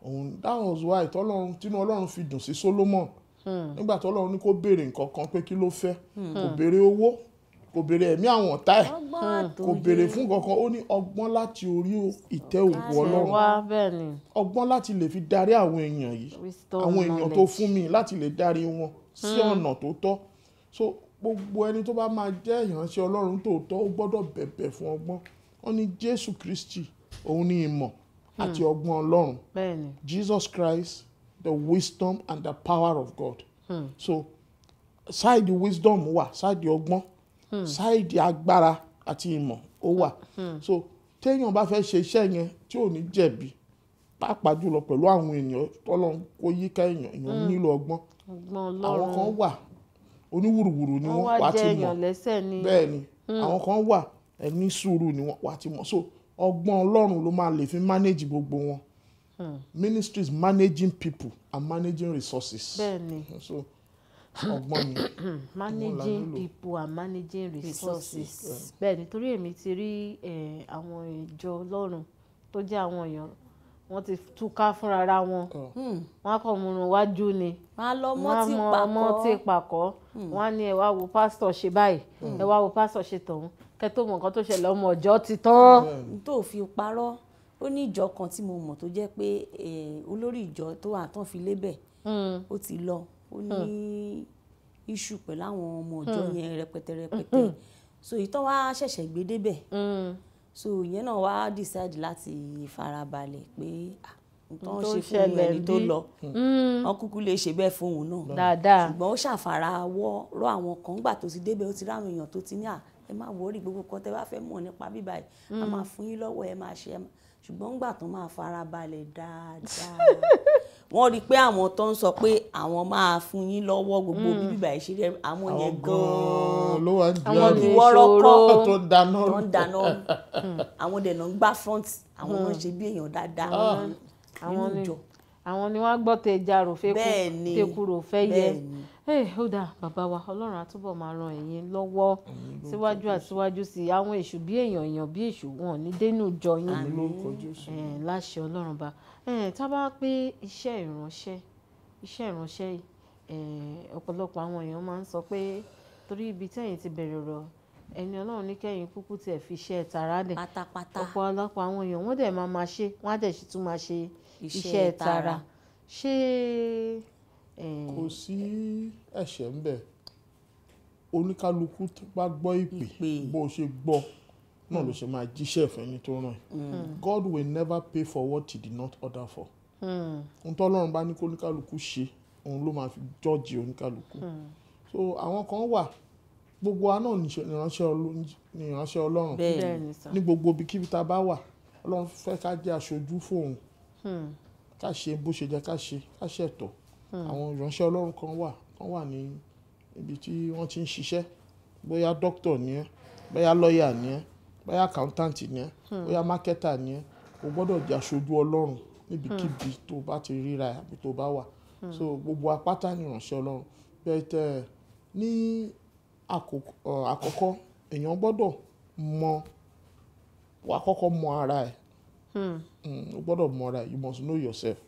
òun that was why tọ́lọ́run tínú ọlọ́run fi dùn sí Solomon nígbà tọ́lọ́run ní kó béèrè nǹkan kan pé kí ló fẹ́ kò béèrè owó kò béèrè ẹ̀mí àwọn ọ̀tá ẹ̀ kò béèrè fún kankan ó ní ọgbọ́n láti orí ìtẹ́ òkú ọlọ́run ọgbọ́n láti lè fi darí àwọn èèyàn yìí àwọn èèyàn tó fún mi láti lè darí wọn sí ọ̀nà tó tọ́ so gbogbo ẹni tó bá máa jẹ́ ìránṣẹ́ ọlọ́run tòótọ́ ó gbọ́dọ̀ bẹ̀bẹ̀ fún ọgbọ́n wọn ni jésù kristi òun ni ìmọ̀ àti hmm. ọgbọ́n ọlọ́run jesus christ the wisdom and the power of god hmm. so ṣáìdì wisdom wà ṣáìdì ọgbọ́n ṣáìdì hmm. agbára àti ìmọ̀ ó wà hmm. so téèyàn bá fẹ́ ṣe iṣẹ́ yẹn tí ò ní jẹ̀bi pàápàá jùlọ pẹ̀lú àwọn èèyàn tọ́lọ́run kó yíká èèyàn èèyàn nílò ọgbọ́n àwọn kan wà oníwùrùwùrù ni wọ́n wá ti mọ̀ bẹ́ẹ̀ ni hmm. àwọn kan wà ẹni sùúrù ni wọ́n wá ti mọ̀ so ọgbọ́n ọlọ́run ló máa lè fi manage gbogbo wọn hmm. ministries managing people and managing resources. so ọgbọ́n ni managing people and managing resources bẹ́ẹ̀ni torí èmi ti rí eh, àwọn ìjọ ọlọ́run tó jẹ́ àwọn èèyàn wọ́n ti túká fúnra wọn hmm. Hmm. wọ́n á kọ́ múrun wájú ni wọ́n á mọ ọtí pàkọ́ wọ́n á ní ẹ wá wo pásítọ̀ ṣe báyìí hmm. ẹ wá wo pásítọ̀ ṣe tọ̀hún kẹ́ tó mọ nǹkan tó ṣẹlẹ̀ ọmọ ọjọ́ ti tán. tó fi parọ́ ó ní ìjọ kan tí mo mọ̀ tó jẹ́ pé olórí ìjọ tó àtàn fi lébẹ̀ ó ti lọ ó ní iṣu pẹ̀lú àwọn ọmọ ọjọ́ yẹn rẹpẹtẹ rẹpẹtẹ so ìtàn wa ṣẹ̀ṣẹ̀ gbé débẹ̀. Mm so ìyẹn náà wá decide láti farabalẹ̀ pé tó ń ṣe fún ẹni tó lọ hmm. hmm. wọn kúkú lè ṣe bẹ́ẹ̀ fún òun náà dáadáa ṣùgbọ́n ó ṣàfara wọ́ rọ́ àwọn kan gbà tó ti débẹ̀ ó ti ráwọn èèyàn tó ti ní à ẹ má wọrí gbogbo kan tẹ bá fẹ́ mọ̀ nípa bíbá yìí a hmm. máa fún yín lọ́wọ́ ẹ máa ṣe ṣùgbọ́n gbà tó máa farabalẹ̀ dáadáa wọ́n rí i pé àwọn tó ń sọ pé àwọn máa fún yín lọ́wọ́ gbogbo hmm. bíbí báyìí ṣe rẹ̀ àwọn yẹn gan-an ló wà ní ìlú àwọn ìwọ́rọ́kọ́ tó ń dáná tó ń dáná hmm. àwọn dẹ̀nà ń gbá front àwọn náà hmm. ṣe bí èèyàn dáadáa ah. nínú ìjọ. àwọn ni wọ́n gbọ́ tẹ jarò fẹ́kúrò fẹ́ yẹ eh, ó dà bàbá wa ọlọ́run àtúbọ̀ máa ran ẹ̀yin lọ́wọ́ síwájú àtiwájú sí àwọn èṣù bí èèyàn èèyàn bí èṣù wọn ní dénú jọ yín eh, láṣẹ ọlọ́run bá tá a bá pé iṣẹ́ ìránṣẹ́ iṣẹ́ ìránṣẹ́ ọ̀pọ̀lọpọ̀ àwọn èèyàn máa ń sọ pé torí ibi tẹ́yìn ti bẹ̀rẹ̀ ọ̀rọ̀ ẹni ọlọ́run ní kẹ́yìn kúkú tiẹ̀ fi iṣẹ́ tara lẹ̀ pátápátá ọ̀pọ̀lọpọ̀ àwọn èèyàn wọ́n dẹ̀ máa máa ṣe wọ́n á dẹ̀ sì tún máa ṣe iṣẹ́ tara ṣé. kò sí ẹ̀ṣẹ̀ ń bẹ oníkálukú tó bá gbọ́ ìpè bó ṣe gbọ́ náà ló ṣe máa jíṣẹ́ ìfẹ́ ní tó ràn yìí hmm. God will never pay for what he did not order for hmm. ohun tó ọlọ́run bá ní kó oníkálukú ṣe òun ló máa fi jọ́ọ̀jì oníkálukú hmm. so àwọn kan wà gbogbo wa náà ní ìránṣẹ́ ọlọ́run ní gbogbo ibikíbi tá a bá wà ọlọ́run fẹ́ ká jẹ́ aṣojú fóun ká ṣe bó ṣe jẹ́ ká ṣe ká ṣètò àwọn ìránṣẹ́ ọlọ́run kan wà kan wà ní ibi tí wọ́n ti ń ṣiṣẹ́ bóyá dókítà ni ẹ́ bóyá lọ́ọ̀yà ni ẹ́ bóyá accountant ni ẹ́ hmm. bóyá marketer ni ẹ́ o gbọ́dọ̀ jẹ́ aṣojú ọlọ́run níbikíbi hmm. tó o bá ti ríra àbí tó o bá wà hmm. so gbogbo apáta ni ìránṣẹ́ ọlọ́run but eh, ní eh, àkọ́kọ́ èèyàn gbọ́dọ̀ mọ wà kọ́kọ́ mọ ara ẹ̀ o gbọ́dọ̀ mọ ara ẹ̀ you must know yourself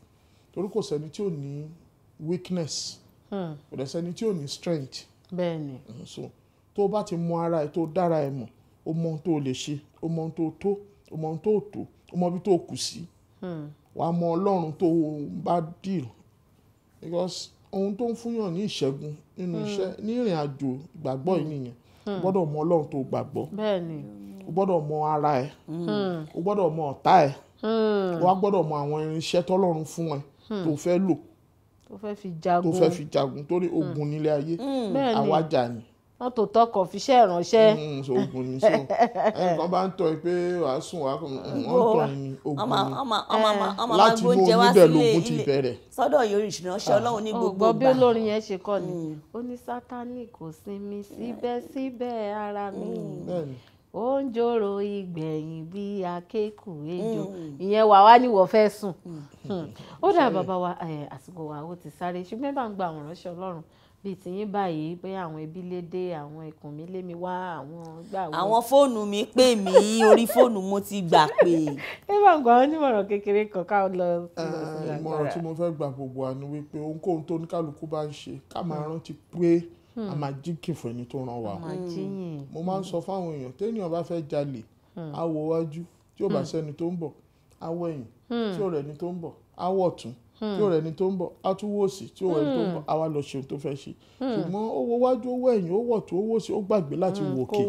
torí kò sẹ́ni tí ò ní weakness kò dẹ̀ sẹ́ni tí ò ní strength bẹ́ẹ̀ni so tó o bá ti mọ ara ẹ̀ tó dára ẹ̀ mọ̀ ó mọ ohun tó lè ṣe ó mọ ohun tó tó ó mọ ohun tó tó ó mọ ibi tó kù sí hmm. wà á mọ ọlọ́run tó bá deal because ohun tó ń fúnyàn ní ìṣẹ́gun nínú hmm. iṣẹ́ ní ìrìn àjò ìgbàgbọ́ yìí nìyẹn hmm. o gbọ́dọ̀ mọ ọlọ́run tó gbàgbọ́ o gbọ́dọ̀ mọ ara ẹ o gbọ́dọ̀ mọ ọ̀tá ẹ o wá gbọ́dọ̀ mọ àwọn irinṣẹ́ tọ́lọ́run fún ẹ tó fẹ́ lò tó fẹ́ fi jagun torí ogun nílé ayé àwa jà ni mọ́tò tọkọ̀ fi ṣe ìránṣẹ́. Mm, oògùn ni so ẹnìkan bá ń tọ́ ẹ pé wàá sùn wàá kàn wọ́n tọ́ ẹ ní oògùn ni eh. láti mú oníbẹ̀ lóògùn ti bẹ̀rẹ̀. sọ́dọ̀ yorì ìṣúná ṣe ah. ọlọ́run ní gbogbo ìgbà. ọgbọ́n bí olórin yẹn ṣe kọ́ ni mm. ó ní sátánì kò sinmi síbẹ̀síbẹ̀ ara mi mm. ó ń jòrò ìgbẹ̀yìn bí akéèkù ejò ìyẹn wà wá ní wọ́n fẹ́ sùn hmm. ó dà bàbá wa eh, àsìkò wa ó ti sáré ṣùgbọ́n bá ń gba àwòrán ṣe ọlọ́run bíi tìyín báyìí pé àwọn ẹbí lé dé àwọn ẹkùn mi lé mi wá àwọn gbà wọ. àwọn fóònù mi pè mí orí fóònù mo ti gbà pé. ẹ máa ń gba àwọn onímọ̀ràn kékeré kan ká lọ sí agbára. ìmọ̀ràn tí mo fẹ́ gbà gbogbo àná wípé ohunkóhun tó oníkálukú bá ń ṣe ká máa hmm. rántí pé a hmm. máa jí kìfún ẹni tó ràn wá. Hmm. mo máa ń sọ fáwọn èèyàn téèyàn bá fẹ́ jalè á wo wájú tí ò bá sẹ́ni tó ń bọ̀ á wẹ̀yìn tí ò rẹ̀ ni tó ń bọ̀ á wọ̀tún tí ò hmm. rẹni tó ń bọ̀ á tún wò sí tí ò rẹni tó ń hmm. bọ̀ á wá lọ ṣeun tó fẹ́ ṣe hmm. ṣùgbọ́n ó wo wájú ó wo ẹ̀yìn ó wọ̀ tó ó sí ó gbàgbé láti wòkè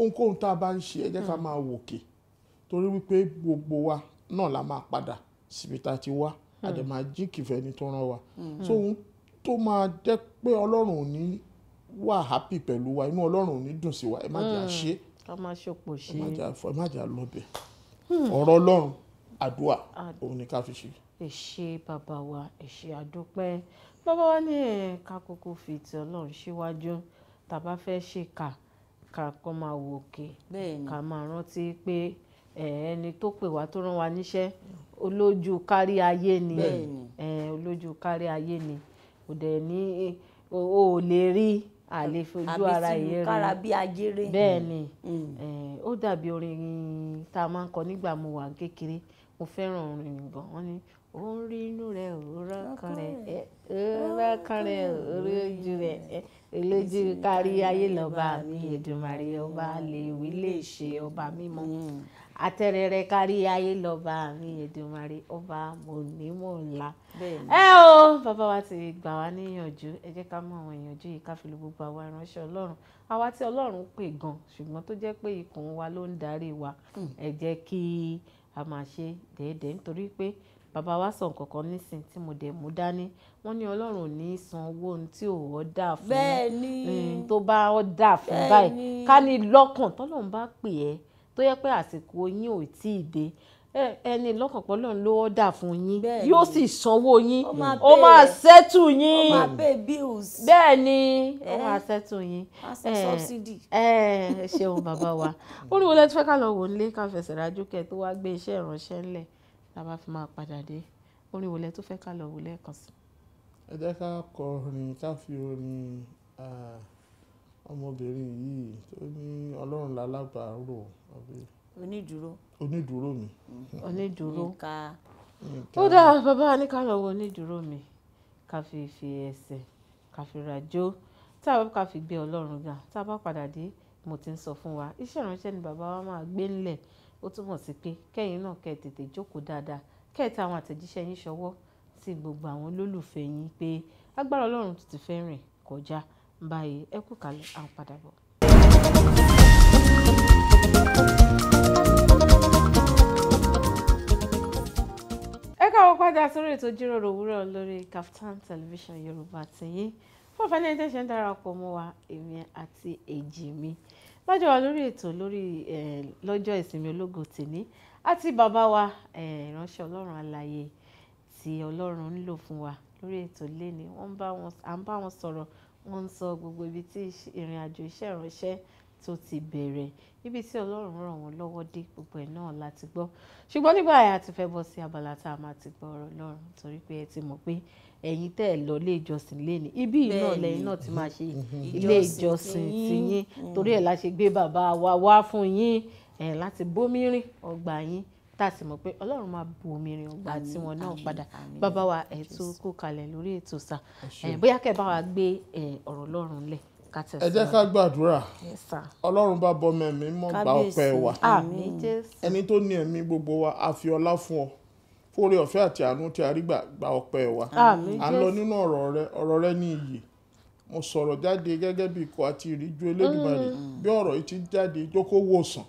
ohunkóhun tá a bá ń ṣe ẹ ká máa wòkè torí wípé gbogbo wa náà la máa padà síbi tá a ti wá a dẹ̀ máa jí kìfẹ́ ni tó rán wa so ohun tó máa jẹ́ pé ọlọ́run ò ní wà happy pẹ̀lú wa inú ọlọ́run ò ní dùn sí wa ẹ má jẹ́ àṣe ká máa ṣòpò ṣe ẹ má jẹ́ àlọ́bẹ̀ ọ̀rọ̀ ọlọ́run àdúrà òun ni ká fi ṣe ẹ ṣé bàbá wa ẹ ṣé àdúpẹ́ bàbá wa ní ẹ̀ka kókó fi ti ọlọ́run síwájú tàbá fẹ́ ṣèkà ká kọ́ máa wò òkè ká máa rántí pé ẹni tó pè wá tó rán wa níṣẹ́ olójú kárí ayé ni olójú kárí ayé ni kò dẹ̀ ní o ò lè rí àlè fojú ara ìyẹn rẹ kára bí ajere bẹ́ẹ̀ ni mm. ó dàbí orin tá a máa ń kọ nígbà mo wà kékeré mo fẹ́ràn orin gan wọ́n ní ó ń rí inú rẹ̀ òórọ̀ kan rẹ̀ òórọ̀ kan rẹ̀ òórọ̀ ojú rẹ̀ olójú kárí ayé lọ́ba mi Èdùmàrè ọba lè wí lè ṣe ọba mímọ́ àtẹrẹrẹ kárí ayé lọ́ba mi Èdùmàrè ọba mo ní mò ń la. ẹ o bàbá wa ti gbà wá níyànjú ẹ jẹ́ ká mọ àwọn ìyànjú yìí ká fi lo gbogbo àwa ìránṣẹ́ ọlọ́run àwa tí ọlọ́run pè gan ṣùgbọ́n tó jẹ́ pé ikùn wa ló ń darí wa ẹ jẹ́ kí a máa ṣe déédéé nítorí pé bàbá wa sọ nǹkan nísìn tí mo dẹ̀ mú dání wọ́n ní ọlọ́run ò ní san owó ohun tí ò ọ̀dà fún bẹ́ẹ̀ni tó bá ọ̀dà fún báyìí ká ní lọ́kàn tọ́lọ́run bá pè ẹ́ tó yẹ pé àsìkò yín ò tí ì dé ẹni lọ́kàn pọ́lọ́ ló ọ̀dà fún yín yóò sì sanwó yín ó máa ṣẹ́tù yín bẹ́ẹ̀ ni ó máa ṣẹ́tù yín subsidy ṣeun bàbá wa ó ní wọlé tí fẹ́ ká lọ wò nílé ká rájú kẹ́ tó wá gbé iṣẹ́ ìránṣẹ́ ńlẹ̀ tá a bá fi máa padà dé orin wòlẹ́ tó fẹ́ ká lọ wò lẹ́ẹ̀kan sí. ẹ jẹ́ ká kọ orin ká fi orin ọmọbìnrin yìí tó ní ọlọ́run lálábàárò onídùúró onídùúró mi. Mm. onídùúró ó dáa bàbá ní ká lọ wo onídùúró mi ká fi fi ẹsẹ̀ ká fi rajó tá a ká fi gbé ọlọ́run ga tá a bá padà dé mo ti ń sọ fún wa iṣẹ́ ìránṣẹ́ ni bàbá wa máa gbé ńlẹ̀ ó túmọ̀ sí pé kẹ́yìn náà kẹ́ tètè jókòó dáadáa kẹ́ ta àwọn àtẹ̀jíṣẹ́ yín ṣọwọ́ sí gbogbo àwọn olólùfẹ́ yín pé agbára ọlọ́run tó ti fẹ́ rìn kọjá báyìí ẹ kú kalẹ̀ à ń padà bọ̀. ẹ káwọ́ padà sórí ètò ìjíròrò òwúrọ̀ lórí Kaftan television yorùbá tìyín fún ọ̀fẹ́ ní ẹ̀jẹ̀ ṣe ń darapọ̀ mọ́ wa èmi àti èjì mi lọ́jọ́ wa lórí ètò lórí lọ́jọ́ ìsinmi ológo tèmi àti bàbá wa ìránṣẹ́ ọlọ́run alààyè tí ọlọ́run ń lò fún wa lórí ètò lẹ́ni à ń bá wọn sọ̀rọ̀ wọ́n ń sọ gbogbo ibi tí ìrìn àjò iṣẹ́ ìránṣẹ́ tó ti bẹ̀rẹ̀ ibi tí ọlọ́run ràn wọ́n lọ́wọ́ dé gbogbo ẹ̀ náà láti gbọ́ ṣùgbọ́n nígbà yẹn a ti fẹ́ bọ́ sí abala tá a máa ti gbọ́ ọ̀rọ̀ lọ́run torí pé ẹ ti mọ̀ pé ẹ̀yin tẹ́ ẹ lọ ilé ìjọsìn léni ibi náà lẹ́yìn náà ti máa ṣe ilé ìjọsìn tiyín mm. torí ẹ̀ la ṣe gbé bàbá wa wá fún yín ẹ̀ láti bómírìn ọgbà yín tá a sì mọ̀ pé ọlọ́run máa bu omirin ọgbà tiwọn náà padà bàbá wa ẹ̀ tó kó kalẹ̀ lórí ètò sà bóyá kẹ́ bá wa gbé ọ̀rọ̀ ọlọ́run lẹ̀ ẹ jẹ́ ká gbàdúrà ọlọ́run bá bọ́ mẹ́mí mọ́ gba ọpẹ́ wa ẹni tó ní ẹ̀mí gbogbo wa a fi ọlá fún ọ fórí ọ̀fẹ́ àti àánú tí a rí gbà gba ọpẹ́ wa à ń lọ nínú ọ̀rọ̀ rẹ ọ̀rọ̀ rẹ ní iyì mo sọ̀rọ̀ jáde gẹ́gẹ́ bí ikọ̀ àti ìríjú Elédùmarè mm. bí ọ̀rọ̀ yìí ti jáde jókòó wòsàn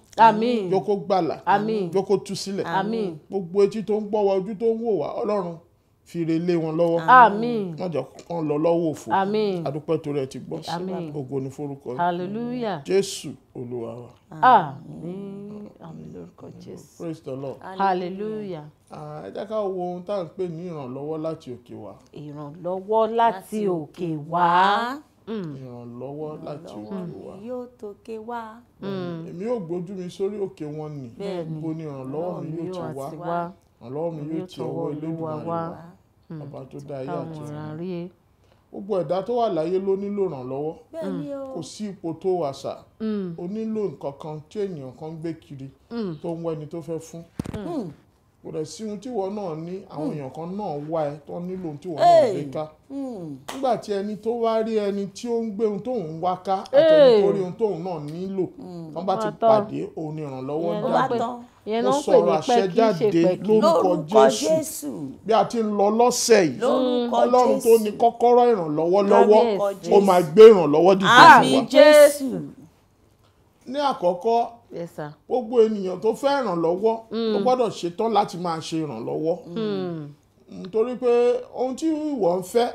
jókòó gbàlà jókòó tú sílẹ̀ gbogbo etí tó ń gbọ́ wa ojú tó ń wò wá ọlọ́run fi re lé wọn lọ́wọ́ wọ́n jọ kán lọ lọ́wọ́ òfò adúpẹ́ tó rẹ̀ ti gbọ́ sí ògo ní forúkọ hallelujah jésù olúwa wa. àmín àmín lórúkọ jésù praise the lord hallelujah. ẹ jẹ́ ká wo ohun tá à ń pè ní ìrànlọ́wọ́ láti òkè wá. ìrànlọ́wọ́ láti òkè wá hmm. ìrànlọ́wọ́ láti òkè wá. yóò tòkè wá. Hmm. èmi yóò gbójú mi sórí òkè wọn ni bó ni ìrànlọ́wọ́ mi yóò ti wá ìrànlọ́wọ́ yóò ti ọwọ́ Olódùmarè wá. Hmm. ọba tó dá ayé àti ọ̀run gbogbo ẹ̀dá tó wà láyé ló nílò ìrànlọ́wọ́ kò sí ipò tó wà sà ó hmm. nílò nǹkan kan tí ènìyàn kan ń gbé kiri hmm. tó ń wá ẹni tó fẹ́ fún kò rẹ̀ sí ohun tíwọ náà ní àwọn èèyàn kan náà wá ẹ tó nílò ohun tíwọ náà gbé ká nígbà tí ẹni tó wá rí ẹni tí ó ń gbé ohun tóun wá ká àtẹnudórí ohun tóun náà nílò wọn bá ti pàdé òun ìrànlọ́wọ́ dáadé ó sọ̀rọ̀ àṣẹ jáde lórúkọ jésù bí a ti ń lọ lọ́sẹ̀ yìí ọlọ́run tó ní kọ́kọ́rọ́ ìrànlọ́wọ́ lọ́wọ́ ó máa gbé ìrànlọ́wọ́ dìde fún wa. àmín jésù. ní àkọ́kọ́ yes sir gbogbo ènìyàn tó fẹ́ ìrànlọ́wọ́ ó mm. gbọ́dọ̀ ṣetán láti máa ṣe ìrànlọ́wọ́ nítorí mm. mm, pé ohun tí ìwọ ń fẹ́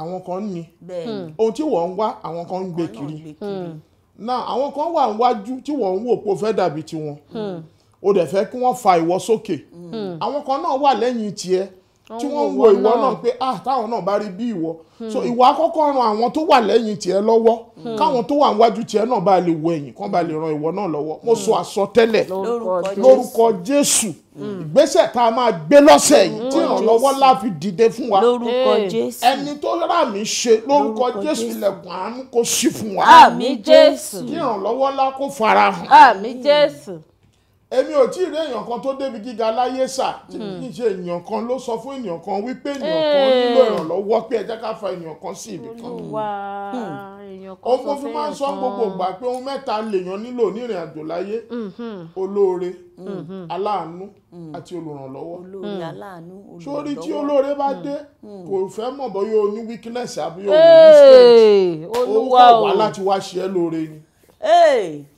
àwọn kan ní ohun tí ìwọ ń wá àwọn kan ń gbé kiri náà àwọn kan wà níwájú tí wọ́n ń wò pé ó fẹ́ dàbí tiwọn. Hmm o dẹ̀ fẹ́ kí wọ́n fa ìwọ sókè hmm. àwọn kan náà wà lẹ́yìn tiẹ̀ tí wọ́n ń wo ìwọ náà pé ah táwọn náà bá rí bí ìwọ hmm. so ìwọ àkọ́kọ́ ran àwọn tó wà lẹ́yìn tiẹ̀ lọ́wọ́ hmm. káwọn tó wà níwájú tiẹ̀ náà bá lè wo ẹ̀yìn kán bá lè ran ìwọ náà lọ́wọ́ mo sọ àsọtẹ́lẹ̀ lórúkọ Jésù ìgbésẹ̀ tá a máa gbé lọ́sẹ̀ yìí tí ìrànlọ́wọ́ láfi dìde fún wa lórúkọ Jésù ẹni tó rà mí ṣe lórúkọ Jésù ilẹ̀kùn àánú kó ṣí fún wa àmín Jésù kí ìrànlọ́wọ́ lá kó farahàn àmín Jésù èmi ò tí ì rí èèyàn kan tó débi gíga láyé sà tí hmm. kì í ṣe èèyàn kan ló sọ fún èèyàn kan wípé èèyàn eh. kan nílò ìrànlọ́wọ́ pé ẹ jẹ́ ká fa èèyàn kan sí ibì kan. ohun mo fi máa ń sọ gbogbo ìgbà pé ohun mẹ́ta lèèyàn nílò nírìn àjò láyé mm-hmm. olóore mm-hmm. aláàánú mm. àti olùrànlọ́wọ́. olóore mm. aláàánú olùrànlọ́wọ́. sórí tí olóore bá mm. dé kò fẹ́ mọ̀ bóyá o ní weakness àbí o ní strength. o ó wà láti wá ṣe é lóore ni.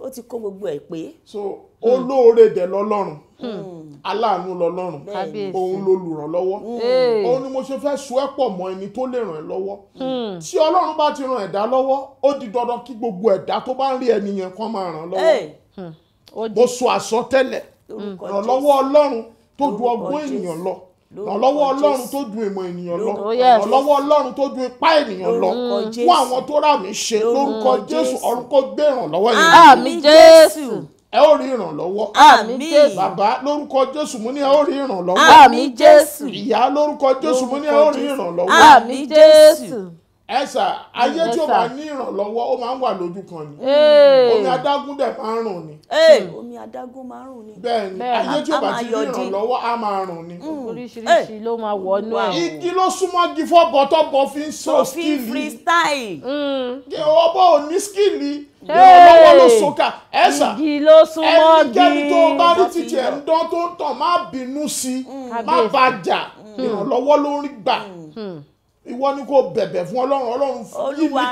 ó ti kó gbogbo ẹ̀ pé. so olóore dẹ̀ lọ́lọ́run hmm. aláàánú lọ́lọ́run òun lolùrànlọ́wọ́ hmm. òun ni mo ṣe fẹ́ so ẹ́ pọ̀ mọ́ ẹni tó lè ràn ẹ́ lọ́wọ́ hmm. tí ọlọ́run bá ti ràn ẹ̀dá lọ́wọ́ ó di dandan kí gbogbo ẹ̀dá tó bá ń rí ẹni yẹn kán máa ràn lọ́wọ́ mo so àsọtẹ́lẹ̀ rànlọ́wọ́ ọlọ́run tó ju ọgbọ́n ènìyàn lọ rànlọ́wọ́ ọlọ́run tó dùn ìmọ̀ ènìyàn lọ rànlọ́wọ́ ọlọ́run tó dùn ipá ènìyàn lọ fún àwọn tó rà mí ṣe lórúkọ jésù ọ̀run kó gbé ìrànlọ́wọ́ yẹn. àmín jésù ẹ ó rí ìrànlọ́wọ́. àmín jésù. bàbá lórúkọ jésù mú ní ẹ ó rí ìrànlọ́wọ́. àmín jésù. ìyá lórúkọ jésù mú ní ẹ ó rí ìrànlọ́wọ́. àmín jésù ẹ ayé tí o bá ní ìrànlọ́wọ́ ó máa ń wà lójú kan ni omi adágún dẹ̀ máa ń rùn ni. omi adágún máa ń rùn ni. bẹ́ẹ̀ni ayé tí o bá ti ní ìrànlọ́wọ́ á máa rùn ni. Mm. Mm. oríṣiríṣi ló máa wọnú ẹ. igi ló súnmọ́ gifọ́ bọ́tọ́ bọ́ fi ń so skilli. tó fi freestyle. Mm. ọbọ̀ ò ní skilli ìrànlọ́wọ́ ló sọ́kà ẹ sà ẹnikẹ́ni tó bá rí títí ẹ̀ ń dán tó ń tàn má bínú sí má bàjá ìrànlọ́wọ́ ló ń gbà ìwọ ni kò bẹ̀bẹ̀ fún ọlọ́run ọlọ́run yí mi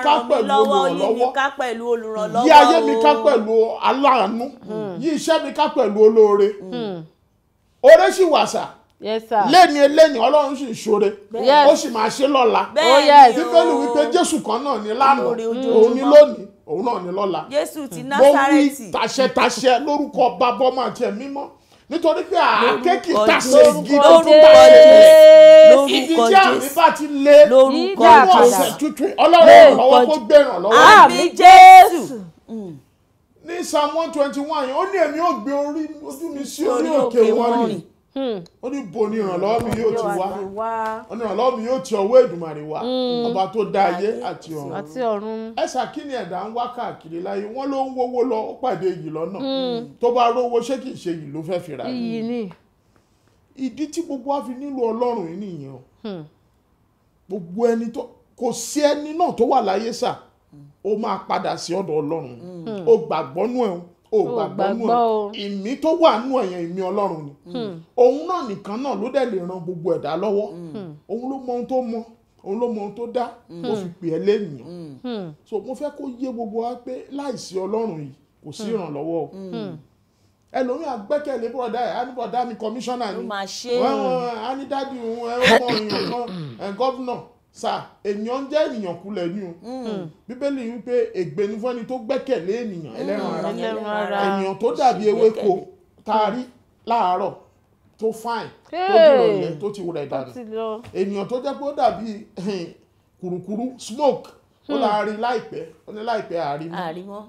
ká pẹ̀lú olùrànlọ́wọ́ yí ayé mi ká pẹ̀lú aláàánú hmm. yí iṣẹ́ mi ká pẹ̀lú olóore hmm. oore sì wàṣà lẹ́ni eléni ọlọ́run sì ṣoore ó sì máa ṣe lọ́la oh, bíbélì wípé jésù kan náà ni lánàá òun ni lónìí òun náà ni lọ́la mo wí tàṣẹtàṣẹ lórúkọ bàbá ọmọ àti ẹ̀mí mímọ́ nítorí pé àkékì tàṣe igi tó tún bá ṣe ìdí tí àmì bá ti lé lórúkọ ọ̀sẹ̀ tuntun ọlọ́run ọ̀wọ́ kó gbẹ̀ràn lọ́wọ́ àmì jésù. ní psalm one twenty one yẹn ó ní èmi ò gbé orí ojú mi sí orí òkè wọn rìn Hmm. ó ní bo ni ìrànlọ́wọ́ mi yóò ti wá ìrànlọ́wọ́ mi yóò ti ọwọ́ Èdùmàrè wá hmm. ọba tó dá ayé àti ọ̀run ẹ ṣàkíni ẹ̀dá ń wá káàkiri láyé wọ́n ló ń wówó lọ ó pàdé iyì lọ́nà hmm. tó bá rówó ṣé kìí ṣe iyì ló fẹ́ fi ra yìí ìdí tí gbogbo wa fi nílò ọlọ́run yìí nìyẹn o gbogbo ẹni tó kò sí ẹni náà tó wà láyé sà ó máa padà sí ọ̀dọ̀ ọlọ́run ó gbàgbọ́ nú ò gbàgbọ́ o ìmí tó wà nù ẹ̀yàn ìmí ọlọ́run ni hmm. òun náà nìkan náà ló dẹ̀ lè ran gbogbo ẹ̀dá lọ́wọ́ hmm. Hmm. òun ló mọ ohun tó mọ òun ló mọ ohun tó dá ó fi pè é lẹ́yìn so mo fẹ́ kó yé gbogbo wa pé láìsí ọlọ́run yìí kò sí ìrànlọ́wọ́ o ẹlòmíì àgbẹ́kẹ̀lé bọ̀dá ẹ̀ á ní mi kọmíṣánná ni wọ́n á ní dádì òun ẹ̀ ọmọ ìyàn kan ẹ̀ gọ́vnà Sa ènìyàn ń jẹ́ ènìyàn kulẹ̀ ni o mm. bíbélì ń pé ègbé ni fún ẹni tó gbẹ́kẹ̀lé ènìyàn mm, ẹlẹ́ran ara ènìyàn tó dàbí ewéko tá láàárọ̀ tó fine tó dúró yẹn tó ti rẹ̀ dànù ènìyàn tó jẹ́ pé ó dàbí kùrukùru smoke ó hmm. la rí láìpẹ́ ó ní láìpẹ́ àrímọ́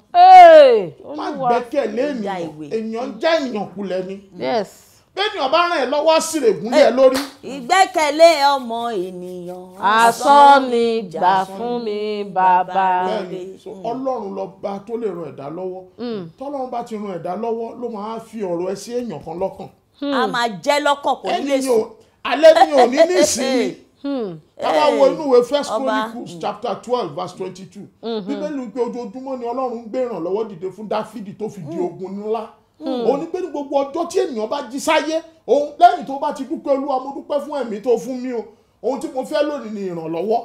má gbẹ́kẹ̀lé ènìyàn ènìyàn ń jẹ́ ènìyàn kulẹ̀ ni. yes bẹ́ẹ̀ni ọba ràn ẹ́ lọ́wọ́ àṣírí ìgúnlẹ̀ eh, lórí. ìgbẹ́kẹ̀lé ọmọ ènìyàn. asán ni gbà fún mi bàbá. ọlọ́run lọ́ba tó lè ran ẹ̀dá lọ́wọ́ hmm. tọ́lọ́run bá ti ran ẹ̀dá lọ́wọ́ ló máa fi ọ̀rọ̀ ẹ sí èèyàn kan lọ́kàn. Hmm. a máa jẹ́ lọ́kàn kò ní lè sùn. alẹ́ mi ò ní ní ìsinmi eh. hmm. táwa wo inú ìwé first chronicles chapter twelve verse twenty two bíbélì wípé ojoojúmọ́ ni ọlọ́run gbé ìrànlọ́wọ́ dìde fún dáfídì tó fi di ogun ńlá. Mm òun hmm. ni pé ní gbogbo ọjọ́ tí ènìyàn bá jí sáyé òun lẹ́yìn tó bá ti dúpẹ́ olúwa mo dúpẹ́ fún ẹ̀mí tó fún mi o ohun tí mo fẹ́ lónìí ni ìrànlọ́wọ́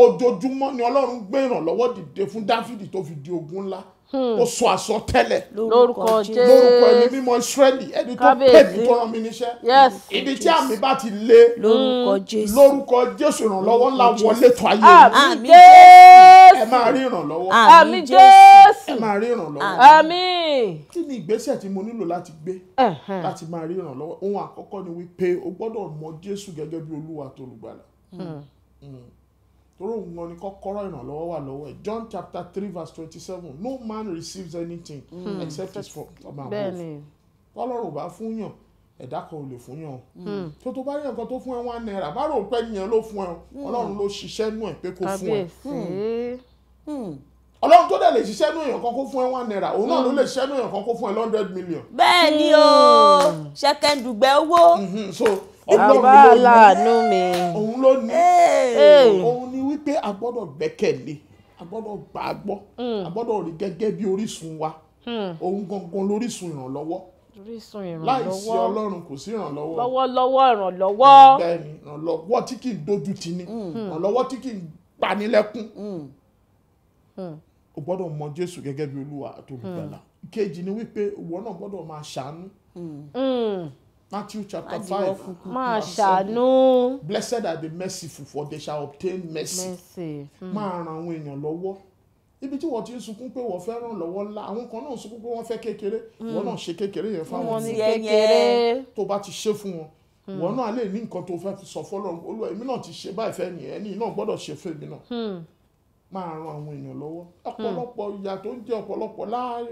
ojoojúmọ́ ni ọlọ́run gbé ìrànlọ́wọ́ dìde fún dáfídì tó fi di ogun ńlá Hmm. ó sọ àsọtẹ́lẹ̀ lórúkọ ẹ̀mí mímọ́ Ísírẹ́lì ẹni tó pè mí tó rán mi níṣẹ́ ibi tí àmì bá ti lé hmm. lórúkọ Jésù ìrànlọ́wọ́ ńlá wọlé tó ayé mi ẹ máa rí ìrànlọ́wọ́ ẹ máa rí ìrànlọ́wọ́ kí ni ìgbésẹ̀ tí mo nílò láti gbé láti máa rí ìrànlọ́wọ́ ohun àkọ́kọ́ ni wípé o gbọ́dọ̀ mọ Jésù gẹ́gẹ́ bí Olúwa tó lùgbàlà. Hmm torí òun ni kọ́kọ́rọ́ ìrànlọ́wọ́ wà lọ́wọ́ ẹ̀ John chapter three verse twenty-seven no man receives anything mm. except his from um, above tọ́lọ́run bá fún yàn ẹ̀dá kan ò lè fún yàn tó hmm. hmm. tó bá rí nǹkan tó fún ẹ one naira bá rò pé yẹn ló fún ẹ hmm. ọlọ́run ló ṣiṣẹ́ nù ẹ pé kó fún ẹ ọlọ́run tó dẹ̀ lè ṣiṣẹ́ nù èèyàn kan kó fún ẹ one naira òun náà ló lè ṣiṣẹ́ nù èèyàn kan kó fún ẹ hundred million. bẹ́ẹ̀ ni o ṣẹkẹndùgbẹ́ owó. so ọlọ́run ló ní òun ló ní òun pé a gbọ́dọ̀ gbẹ́kẹ̀lé a gbọ́dọ̀ gbà á gbọ́ hmm. a gbọ́dọ̀ rí gẹ́gẹ́ bí orísun wa òun hmm. gangan lórísun ìrànlọ́wọ́ orísun ìrànlọ́wọ́ láìsí ọlọ́run kò sí ìrànlọ́wọ́ lọ́wọ́lọ́wọ́ ìrànlọ́wọ́ bẹ́ẹ̀ni ìrànlọ́wọ́ tí kì í dojú ti ni hmm. ìrànlọ́wọ́ tí kì í panilẹ́kún o gbọ́dọ̀ mọ jésù gẹ́gẹ́ bí olúwa àti olùgbàlà ìkejì ni wípé ìwọ náà gbọ́dọ̀ máa ṣàánú. Matthew chapter five. Máa ṣàánú. Blessed are the merciful for they shall obtain mercy. Mercy. Hmm. Máa ran àwọn èèyàn lọ́wọ́. Ibi tí wọ́n ti ń sunkún pé wọ́n fẹ́ ràn lọ́wọ́ ńlá, àwọn kan náà ń sunkún pé wọ́n fẹ́ kékeré, hmm. wọ́n náà ṣe kékeré yẹn fáwọn. Wọ́n ní kékeré. Tó bá ti ṣe fún wọn, hmm. wọ́n náà lè ní nǹkan tó fẹ́ sọ fọ́lọ́run. Olúwa èmi náà ti ṣe báyìí fẹ́ nìyẹn, ẹni náà gbọ́dọ̀ ṣe fún èmi náà máa ran àwọn èèyàn lọ́wọ́ hmm. ọ̀pọ̀lọpọ̀ ìyà tó ń jẹ ọ̀pọ̀lọpọ̀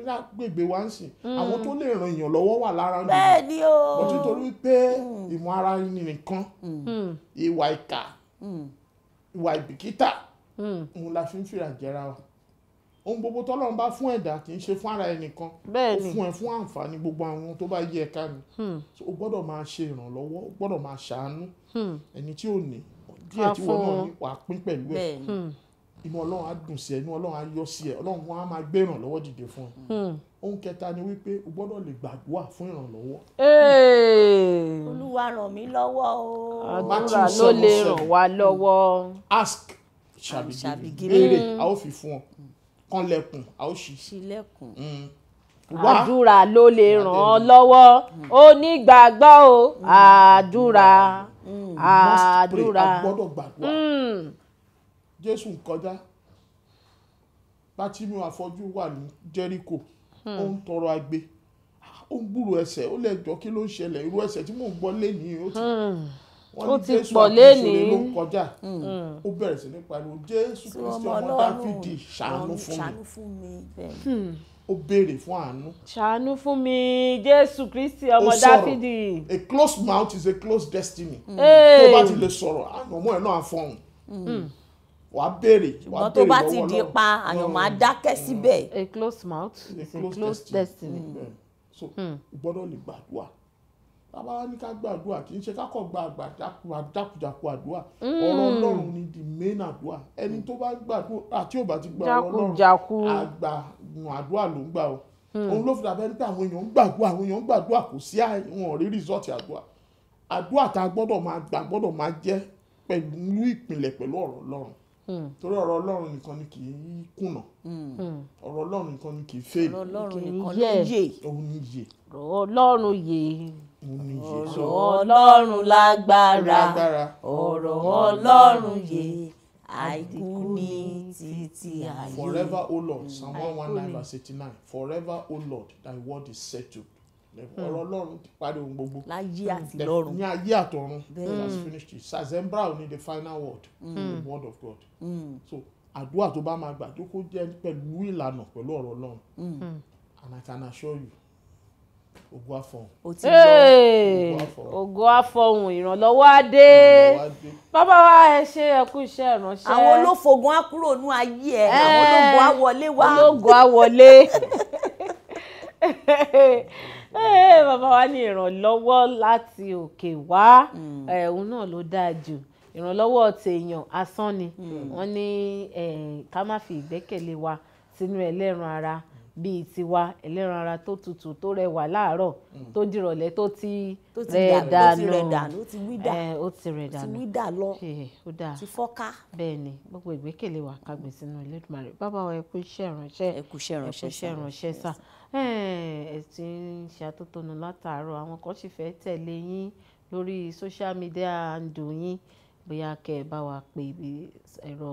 lágbègbè wa ń sìn hmm. àwọn tó lè ran èèyàn lọ́wọ́ wà lára ń bẹ̀rẹ̀ bọ́ títorí pé hmm. ìmọ̀ ara ẹni nìkan ìwà ìkà ìwà ìbìkítà òun la fi ń fìyà jẹra wa ohun gbogbo tọ́lọ́run bá fún ẹ̀dá kì í ṣe fún ara ẹnìkan ó fún ẹ fún àǹfààní gbogbo àwọn tó bá yẹ ẹ̀ka ni o gbọ́dọ̀ máa ṣe ìrànlọ́wọ́ o gbọ́dọ̀ máa ṣàánú ẹni tí ò ní díẹ̀ tí wọ́n náà ní pín pẹ̀lú ẹ̀ inú ọlọ́run á dùn sí ẹ inú ọlọ́run á yọ sí ẹ ọlọ́run wọn á máa gbé ìrànlọ́wọ́ dìde fún ẹ hmm. ohun kẹta ni wípé o gbọ́dọ̀ lè gbàdúrà fún ìrànlọ́wọ́. olúwa ràn mí lọ́wọ́ o. àdúrà ló lè ràn wá lọ́wọ́. Hmm. ask ṣàbígí béèrè a ó fi fún ọ hmm. kànlẹ̀kùn a ó ṣí. ṣílẹ̀kùn àdúrà ló lè ràn ọ́ lọ́wọ́ onígbàgbọ́ o àdúrà àdúrà. must pray a gbọ́dọ̀ gbàdúrà jésù ń kọjá bátímù afọ́jú wà ní jẹ́ríkò hmm. ó ń tọrọ agbe ó ń gbúrò ẹsẹ̀ ó lẹ́jọ́ kí ló ń ṣẹlẹ̀ irú ẹsẹ̀ tí mò ń gbọ́ lẹ́yìn ó ti hmm. wọ́n ní jésù àkùsùlẹ̀ ló ń kọjá hmm. ó bẹ̀rẹ̀ sí ní pariwo jésù kristi ọmọ dáfídì ṣàánú fún mi ó béèrè fún àánú. ṣàánú fún mi jésù kristi ọmọ dáfídì. a closed mouth is a closed destiny. tó bá ti lè sọ̀rọ̀ àná ọmọ ẹ̀ náà fọ̀hún wàá béèrè wàá béèrè lọ́wọ́ lọ́wọ́ ṣùgbọ́n tó bá ti di pa àyàn máa hmm. dákẹ́ síbẹ̀. a closed mouth is a closed destiny. Hmm. so hmm. gbọ́dọ̀ lè gbàdúrà bàbá wa ní ká gbàdúrà kì í ṣe ká kọ̀ gba àgbà jákujàku àdúrà ọ̀rọ̀ ọlọ́run ni the main àdúrà ẹni tó bá gbàdúrà tí ò bá ti gba ọ̀rọ̀ ọlọ́run àgbà àdúrà ló ń gbà o òun ló fi dàbẹ́ nípa àwọn èèyàn ń gbàdúrà àwọn èèyàn ń gbàdúrà kò sí àwọn rí rìsọ́ọ̀tì àdúrà àdúrà tá a gbọ́dọ̀ máa gbà gbọ́dọ̀ máa jẹ́ pẹ̀lú ìpìlẹ̀ pẹ̀lú ọ̀rọ̀ ọlọ́run Hmm. torí ọ̀rọ̀ ọlọ́run nìkan ni kì í kùnà hmm. Hmm. ọ̀rọ̀ ọlọ́run nìkan ni kì í fail ọ̀rọ̀ ọlọ́run nìkan ló yè òun ni yè ọ̀rọ̀ ọlọ́run yè ọ̀rọ̀ ọlọ́run lágbára ọ̀rọ̀ ọlọ́run yè àìkú ní títí ayé. forever o lord psalm one one nine verse eighty nine forever o lord thy word is set to ọ̀rọ̀ ọlọ́run ti parí ohun gbogbo láyé hmm. àti lọ́run ní ayé àtọ̀run it has finished it sazembra ò ní the final word mm. the word of God mm. so àdúrà tó bá máa gbà tó kó jẹ́ pẹ̀lú ìlànà pẹ̀lú ọ̀rọ̀ ọlọ́run hmm. Hmm. and I can assure you ogun afọhùn. o ti lọ ogun afọhùn ìrànlọ́wọ́ adé bàbá wa ẹ ṣe ẹkú iṣẹ́ ìránṣẹ́. àwọn olófogun á kúrò ní ayé ẹ àwọn ológun á wọlé wá. ológun á wọlé. Eh, bàbá wa ní ìrànlọ́wọ́ láti òkè wá hmm. eh, òun náà ló dáa jù ìrànlọ́wọ́ tèèyàn asán ni hmm. wọ́n ní eh, ká má fi ìgbẹ́kẹ̀lé wa sínú ẹlẹ́ran ara bíi tiwa ẹlẹ́ran ara tó tutù tó rẹwà láàárọ̀ mm. tó dìrọ̀lẹ́ tó ti rẹ̀ dànù ó ti rẹ̀ dànù ó dà ti fọ́ká. bẹ́ẹ̀ ni gbogbo ìgbékèlé wa kágbé sínú Elédùmarè bàbá wa ẹ iṣẹ́ ìránṣẹ́ ẹ iṣẹ́ ìránṣẹ́ sà ẹ ṣe àtótónu látàárọ̀ àwọn kan sì fẹ́ tẹ̀lé yín lórí social media handle yín bóyá kẹ́ ẹ bá wa pè ẹ̀rọ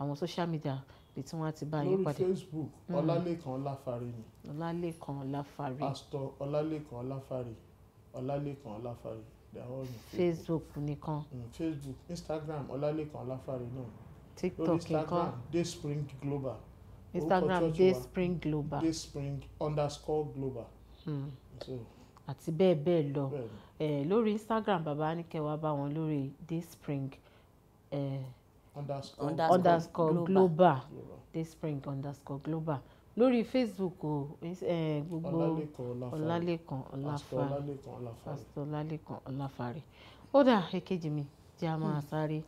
àwọn social media ibi tí wọ́n ti bá yín pàdé. lórí facebook hmm. ọlálékan ọláfárí ni. ọlálékan ọláfárí. pastor ọlálékan ọláfárí ọlálékan ọláfárí they are all facebook. facebook nìkan. Hmm, facebook instagram ọlálékan ọláfárí náà. tiktok nìkan lórí instagram day spring global. instagram day underscore global. Hmm. So, àti bẹ́ẹ̀ bẹ́ẹ̀ lọ eh, lórí instagram bàbá ní kẹ́ wá bá wọn lórí dayspring eh, underscore, underscore global, global this spring underscore global lórí facebook o eh, gbogbo ọlálẹ́kan ọláfàárẹ̀ pásítọ̀ ọlálẹ́kan ọláfàárẹ̀ ó dà èkejì mi jẹ́ a máa hmm. sáré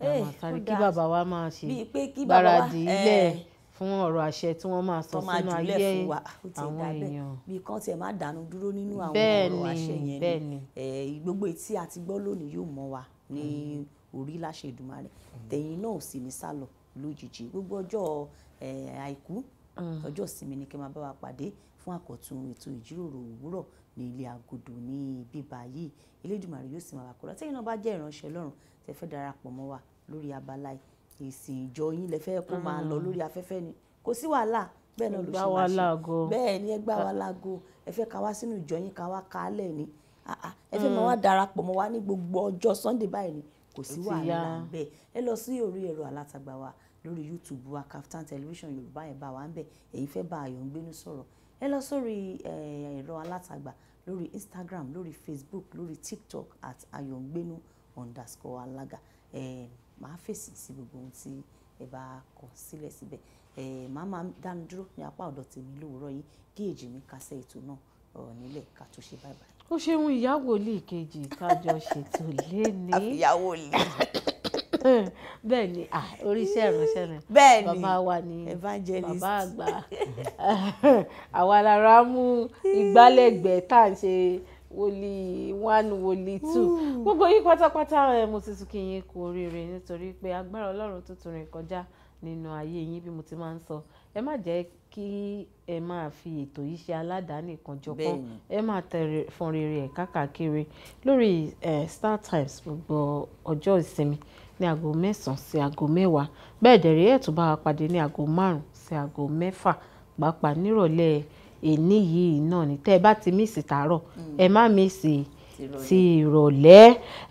a eh, máa sáré kí bàbá wa máa ṣe gbáradì ilẹ̀ eh, fún ọ̀rọ̀ àṣẹ tí wọ́n máa sọ sínú ayé àwọn èèyàn bí kan tiẹ̀ má dànù dúró nínú àwọn ọ̀rọ̀ àṣẹ yẹn ni gbogbo etí àti gbọ́ lónìí yóò mọ wa ní. Mm orí láṣẹ Èdùmàrè mm-hmm. tẹ̀yìn náà ò sì ní sálọ lójijì gbogbo ọjọ́ àìkú mm-hmm. ọjọ́ ìsinmi ni kí n máa bá wa pàdé fún àkọ́tún ètò ìjíròrò òwúrọ̀ ní ilé agodo ní bíbá yìí Elédùmarè yóò sì máa wà kúrò tẹ́yìn náà bá jẹ́ ìránṣẹ́ Ọlọ́run tẹ́ fẹ́ darapọ̀ mọ́ wa lórí abala ìsìn ìjọ yín lẹ fẹ́ kó máa lọ mm-hmm. lórí afẹ́fẹ́ ni kò sí wàhálà bẹ́ẹ̀ náà ló ṣe máa ṣe bẹ́ẹ̀ ni ẹ gbá wa láago ẹ fẹ́ ká wá sínú ìjọ yín ká wá kálẹ̀ ni ah, ah. ẹ fẹ́ máa mm. wá darapọ̀ mọ́ wa ní gbogbo ọjọ́ Sunday báyìí ni kò sí wàhálà ń bẹ ẹ lọ sí orí ẹ̀rọ alátagbà wa lórí youtube wa Kaftan television yorùbá ẹ̀ bá wa ń bẹ èyí fẹ́ bá Ayọ̀ngbénú sọ̀rọ̀ ẹ lọ sórí ẹ̀rọ alátagbà lórí instagram lórí facebook lórí tiktok at Ayọ̀ngbénú underscore alága ẹ̀ máa fèsì sí gbogbo ohun tí ẹ bá kọ sílẹ̀ síbẹ̀ ẹ̀ máa máa dánu dúró ní apá ọ̀dọ̀ tèmi lówùúrọ̀ yìí kí èjì mi kásẹ̀ ètò náà ọ̀rọ̀ nílẹ̀ ká tó ṣe báyìí. o ṣeun ìyá wòlíì kejì tájọ ṣètò léni. ìyá wòlíì. bẹ́ẹ̀ ni oríṣẹ́ ìránṣẹ́ ni bàbá wa ni bàbá àgbà àwa lára mú ìgbálẹ̀gbẹ́ tá à ń ṣe one two gbogbo yìí pátápátá mo ti tún kí yín kú oríire nítorí pé agbára kọjá nínú ayé yín bí ti máa ń ẹ má jẹ́ kí ẹ máa fi ètò yìí ṣe aládàáni kan jọpọ̀ ẹ máa tẹ̀rẹ̀ fún rere ẹ̀ káàkiri lórí StarTimes gbogbo ọjọ́ ìsinmi ní aago mẹ́sàn-án sí aago mẹ́wàá bẹ́ẹ̀ dẹ̀rẹ̀ ẹ̀ tún bá wa pàdé ní aago márùn-ún sí aago mẹ́fà pàápàá nírọ̀lẹ́ èní yìí náà ni tẹ́ ẹ bá ti mísì tàárọ̀ mm. ẹ má mísì ti ìrọ̀lẹ́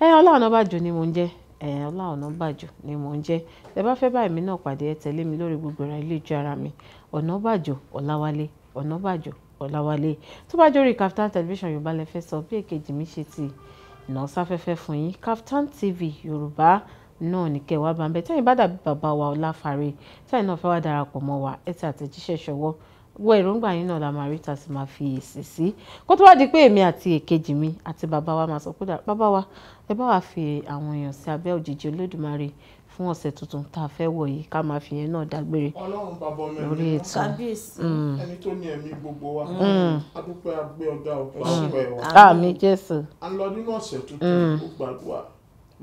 ẹ Ọlá Ọ̀nàbàjọ ni mo ń jẹ́ Ọlá Ọ̀nàbàjọ ni mò ń jẹ́ tẹ bá fẹ́ bá èmi náà pàdé ẹ tẹ̀lé mi lórí gbogbo ẹ̀rọ ayélujára mi Ọ̀nàbàjọ Ọláwálé Ọ̀nàbàjọ Ọláwálé tó bá jórí Kaftan television Yorùbá lẹ fẹ́ sọ bí èkejì mi ṣe ti nà sáfẹ́fẹ́ fún yín Kaftan TV Yorùbá náà ní kẹwàá bá ń bẹ tẹ́yìn bá dàbí bàbá wa Ọláfárè tẹ́yìn náà fẹ́ wá darapọ̀ mọ́ wa ẹ ti àtẹ̀jíṣẹ́ ṣọwọ́ wo èròǹgbà yín náà la máa rí ta sì máa fi èsì sí kó tó wá di pé èmi àti èkejì mi àti bàbá wa máa sọ pé bàbá wa ẹ bá wa fi àwọn èèyàn sí abẹ́ òjìji olódùmarè fún ọ̀sẹ̀ tuntun tá a fẹ́ wọ̀ yìí ká máa fi yẹn náà dágbére lórí ètò mm. ẹni tó ní ẹ̀mí gbogbo wa mm. adúpẹ́ agbé ọ̀dà mm. ọ̀pẹ́ ọ̀pẹ́ wa àmín nínú ọ̀sẹ̀ tuntun ó gbàdúrà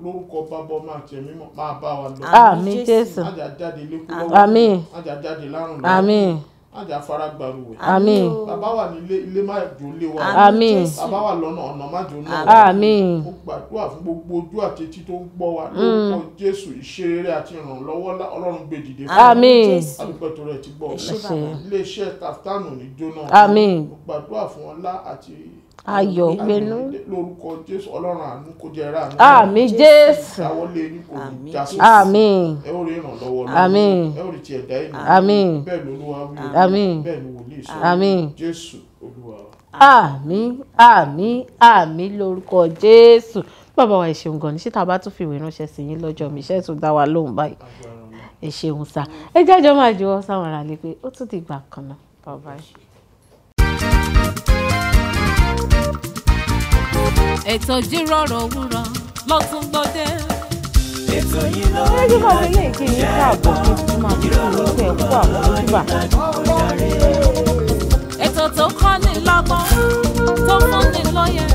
lórúkọ bábọ máa tẹ mímọ́ máa bá wa lọ. àmín Jésù àjàjáde lẹkọọ àmín àjàjáde lárùn lọ àmín àjẹ afárá gbaru wẹ̀. àmín. bàbá wà ní ilé ilé má jó lé wa. àmín. bàbá wà lọ́nà ọ̀nà má jó náà. àmín. mo gbàdúrà fún gbogbo ojú àti etí tó ń gbọ́ wa mm. lórúkọ jésù ìṣeré àti ìrànlọ́wọ́ ọlọ́run gbé dìde fún wa. rẹ̀ ti gbọ́. ilé iṣẹ́ taftanu ní jóná. àmín. mo gbàdúrà fún ọlá àti ayọ̀ gbénú. lórúkọ jésù ọlọ́run àánú kó jẹ́ ra àánú. àmín jésù. ìdáwọ́lé yín kò ní jásù. àmín. ẹ ó rí ìrànlọ́wọ́ lọ́wọ́. àmín. ẹ ó rí ti ẹ̀dá ènìyàn. àmín. bẹ́ẹ̀ ni olúwa wí. àmín. bẹ́ẹ̀ ni wòlíì sọ. àmín. jésù olúwa. àmín àmín àmín lórúkọ jésù bàbá wa ẹ ṣeun gan ni ṣé tá a bá tún fi ìwé ránṣẹ́ sí yín lọ́jọ́ mi iṣẹ́ tún dá wa lóhùn báyìí ẹ ṣeun sá ẹ jájọ máa jọ sáwọn ará lé pé ó tún ti gbà kan náà bàbá yìí ètò jíròrò òwúrọ̀ ló tún gbòde. ètò yìí ló ń bá ilé ìkíni ní ààbò kí n máa fi ìlú ẹ̀ kú àmójúbà. ètò tó kọ́ ni lọ́gbọ́n tó fún ni lóye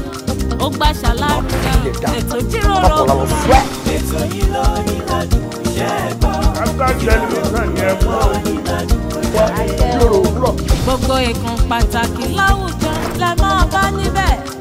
ó gbà ṣàlàyé ètò jíròrò òwúrọ̀. ètò yìí ló ń yíradùn iṣẹ́ ẹ̀gbọ́n. kápá tẹlifíṣàn yẹn mú wa jíròrò òwúrọ̀. gbogbo ìkan pàtàkì láwùjọ la máa bá níbẹ̀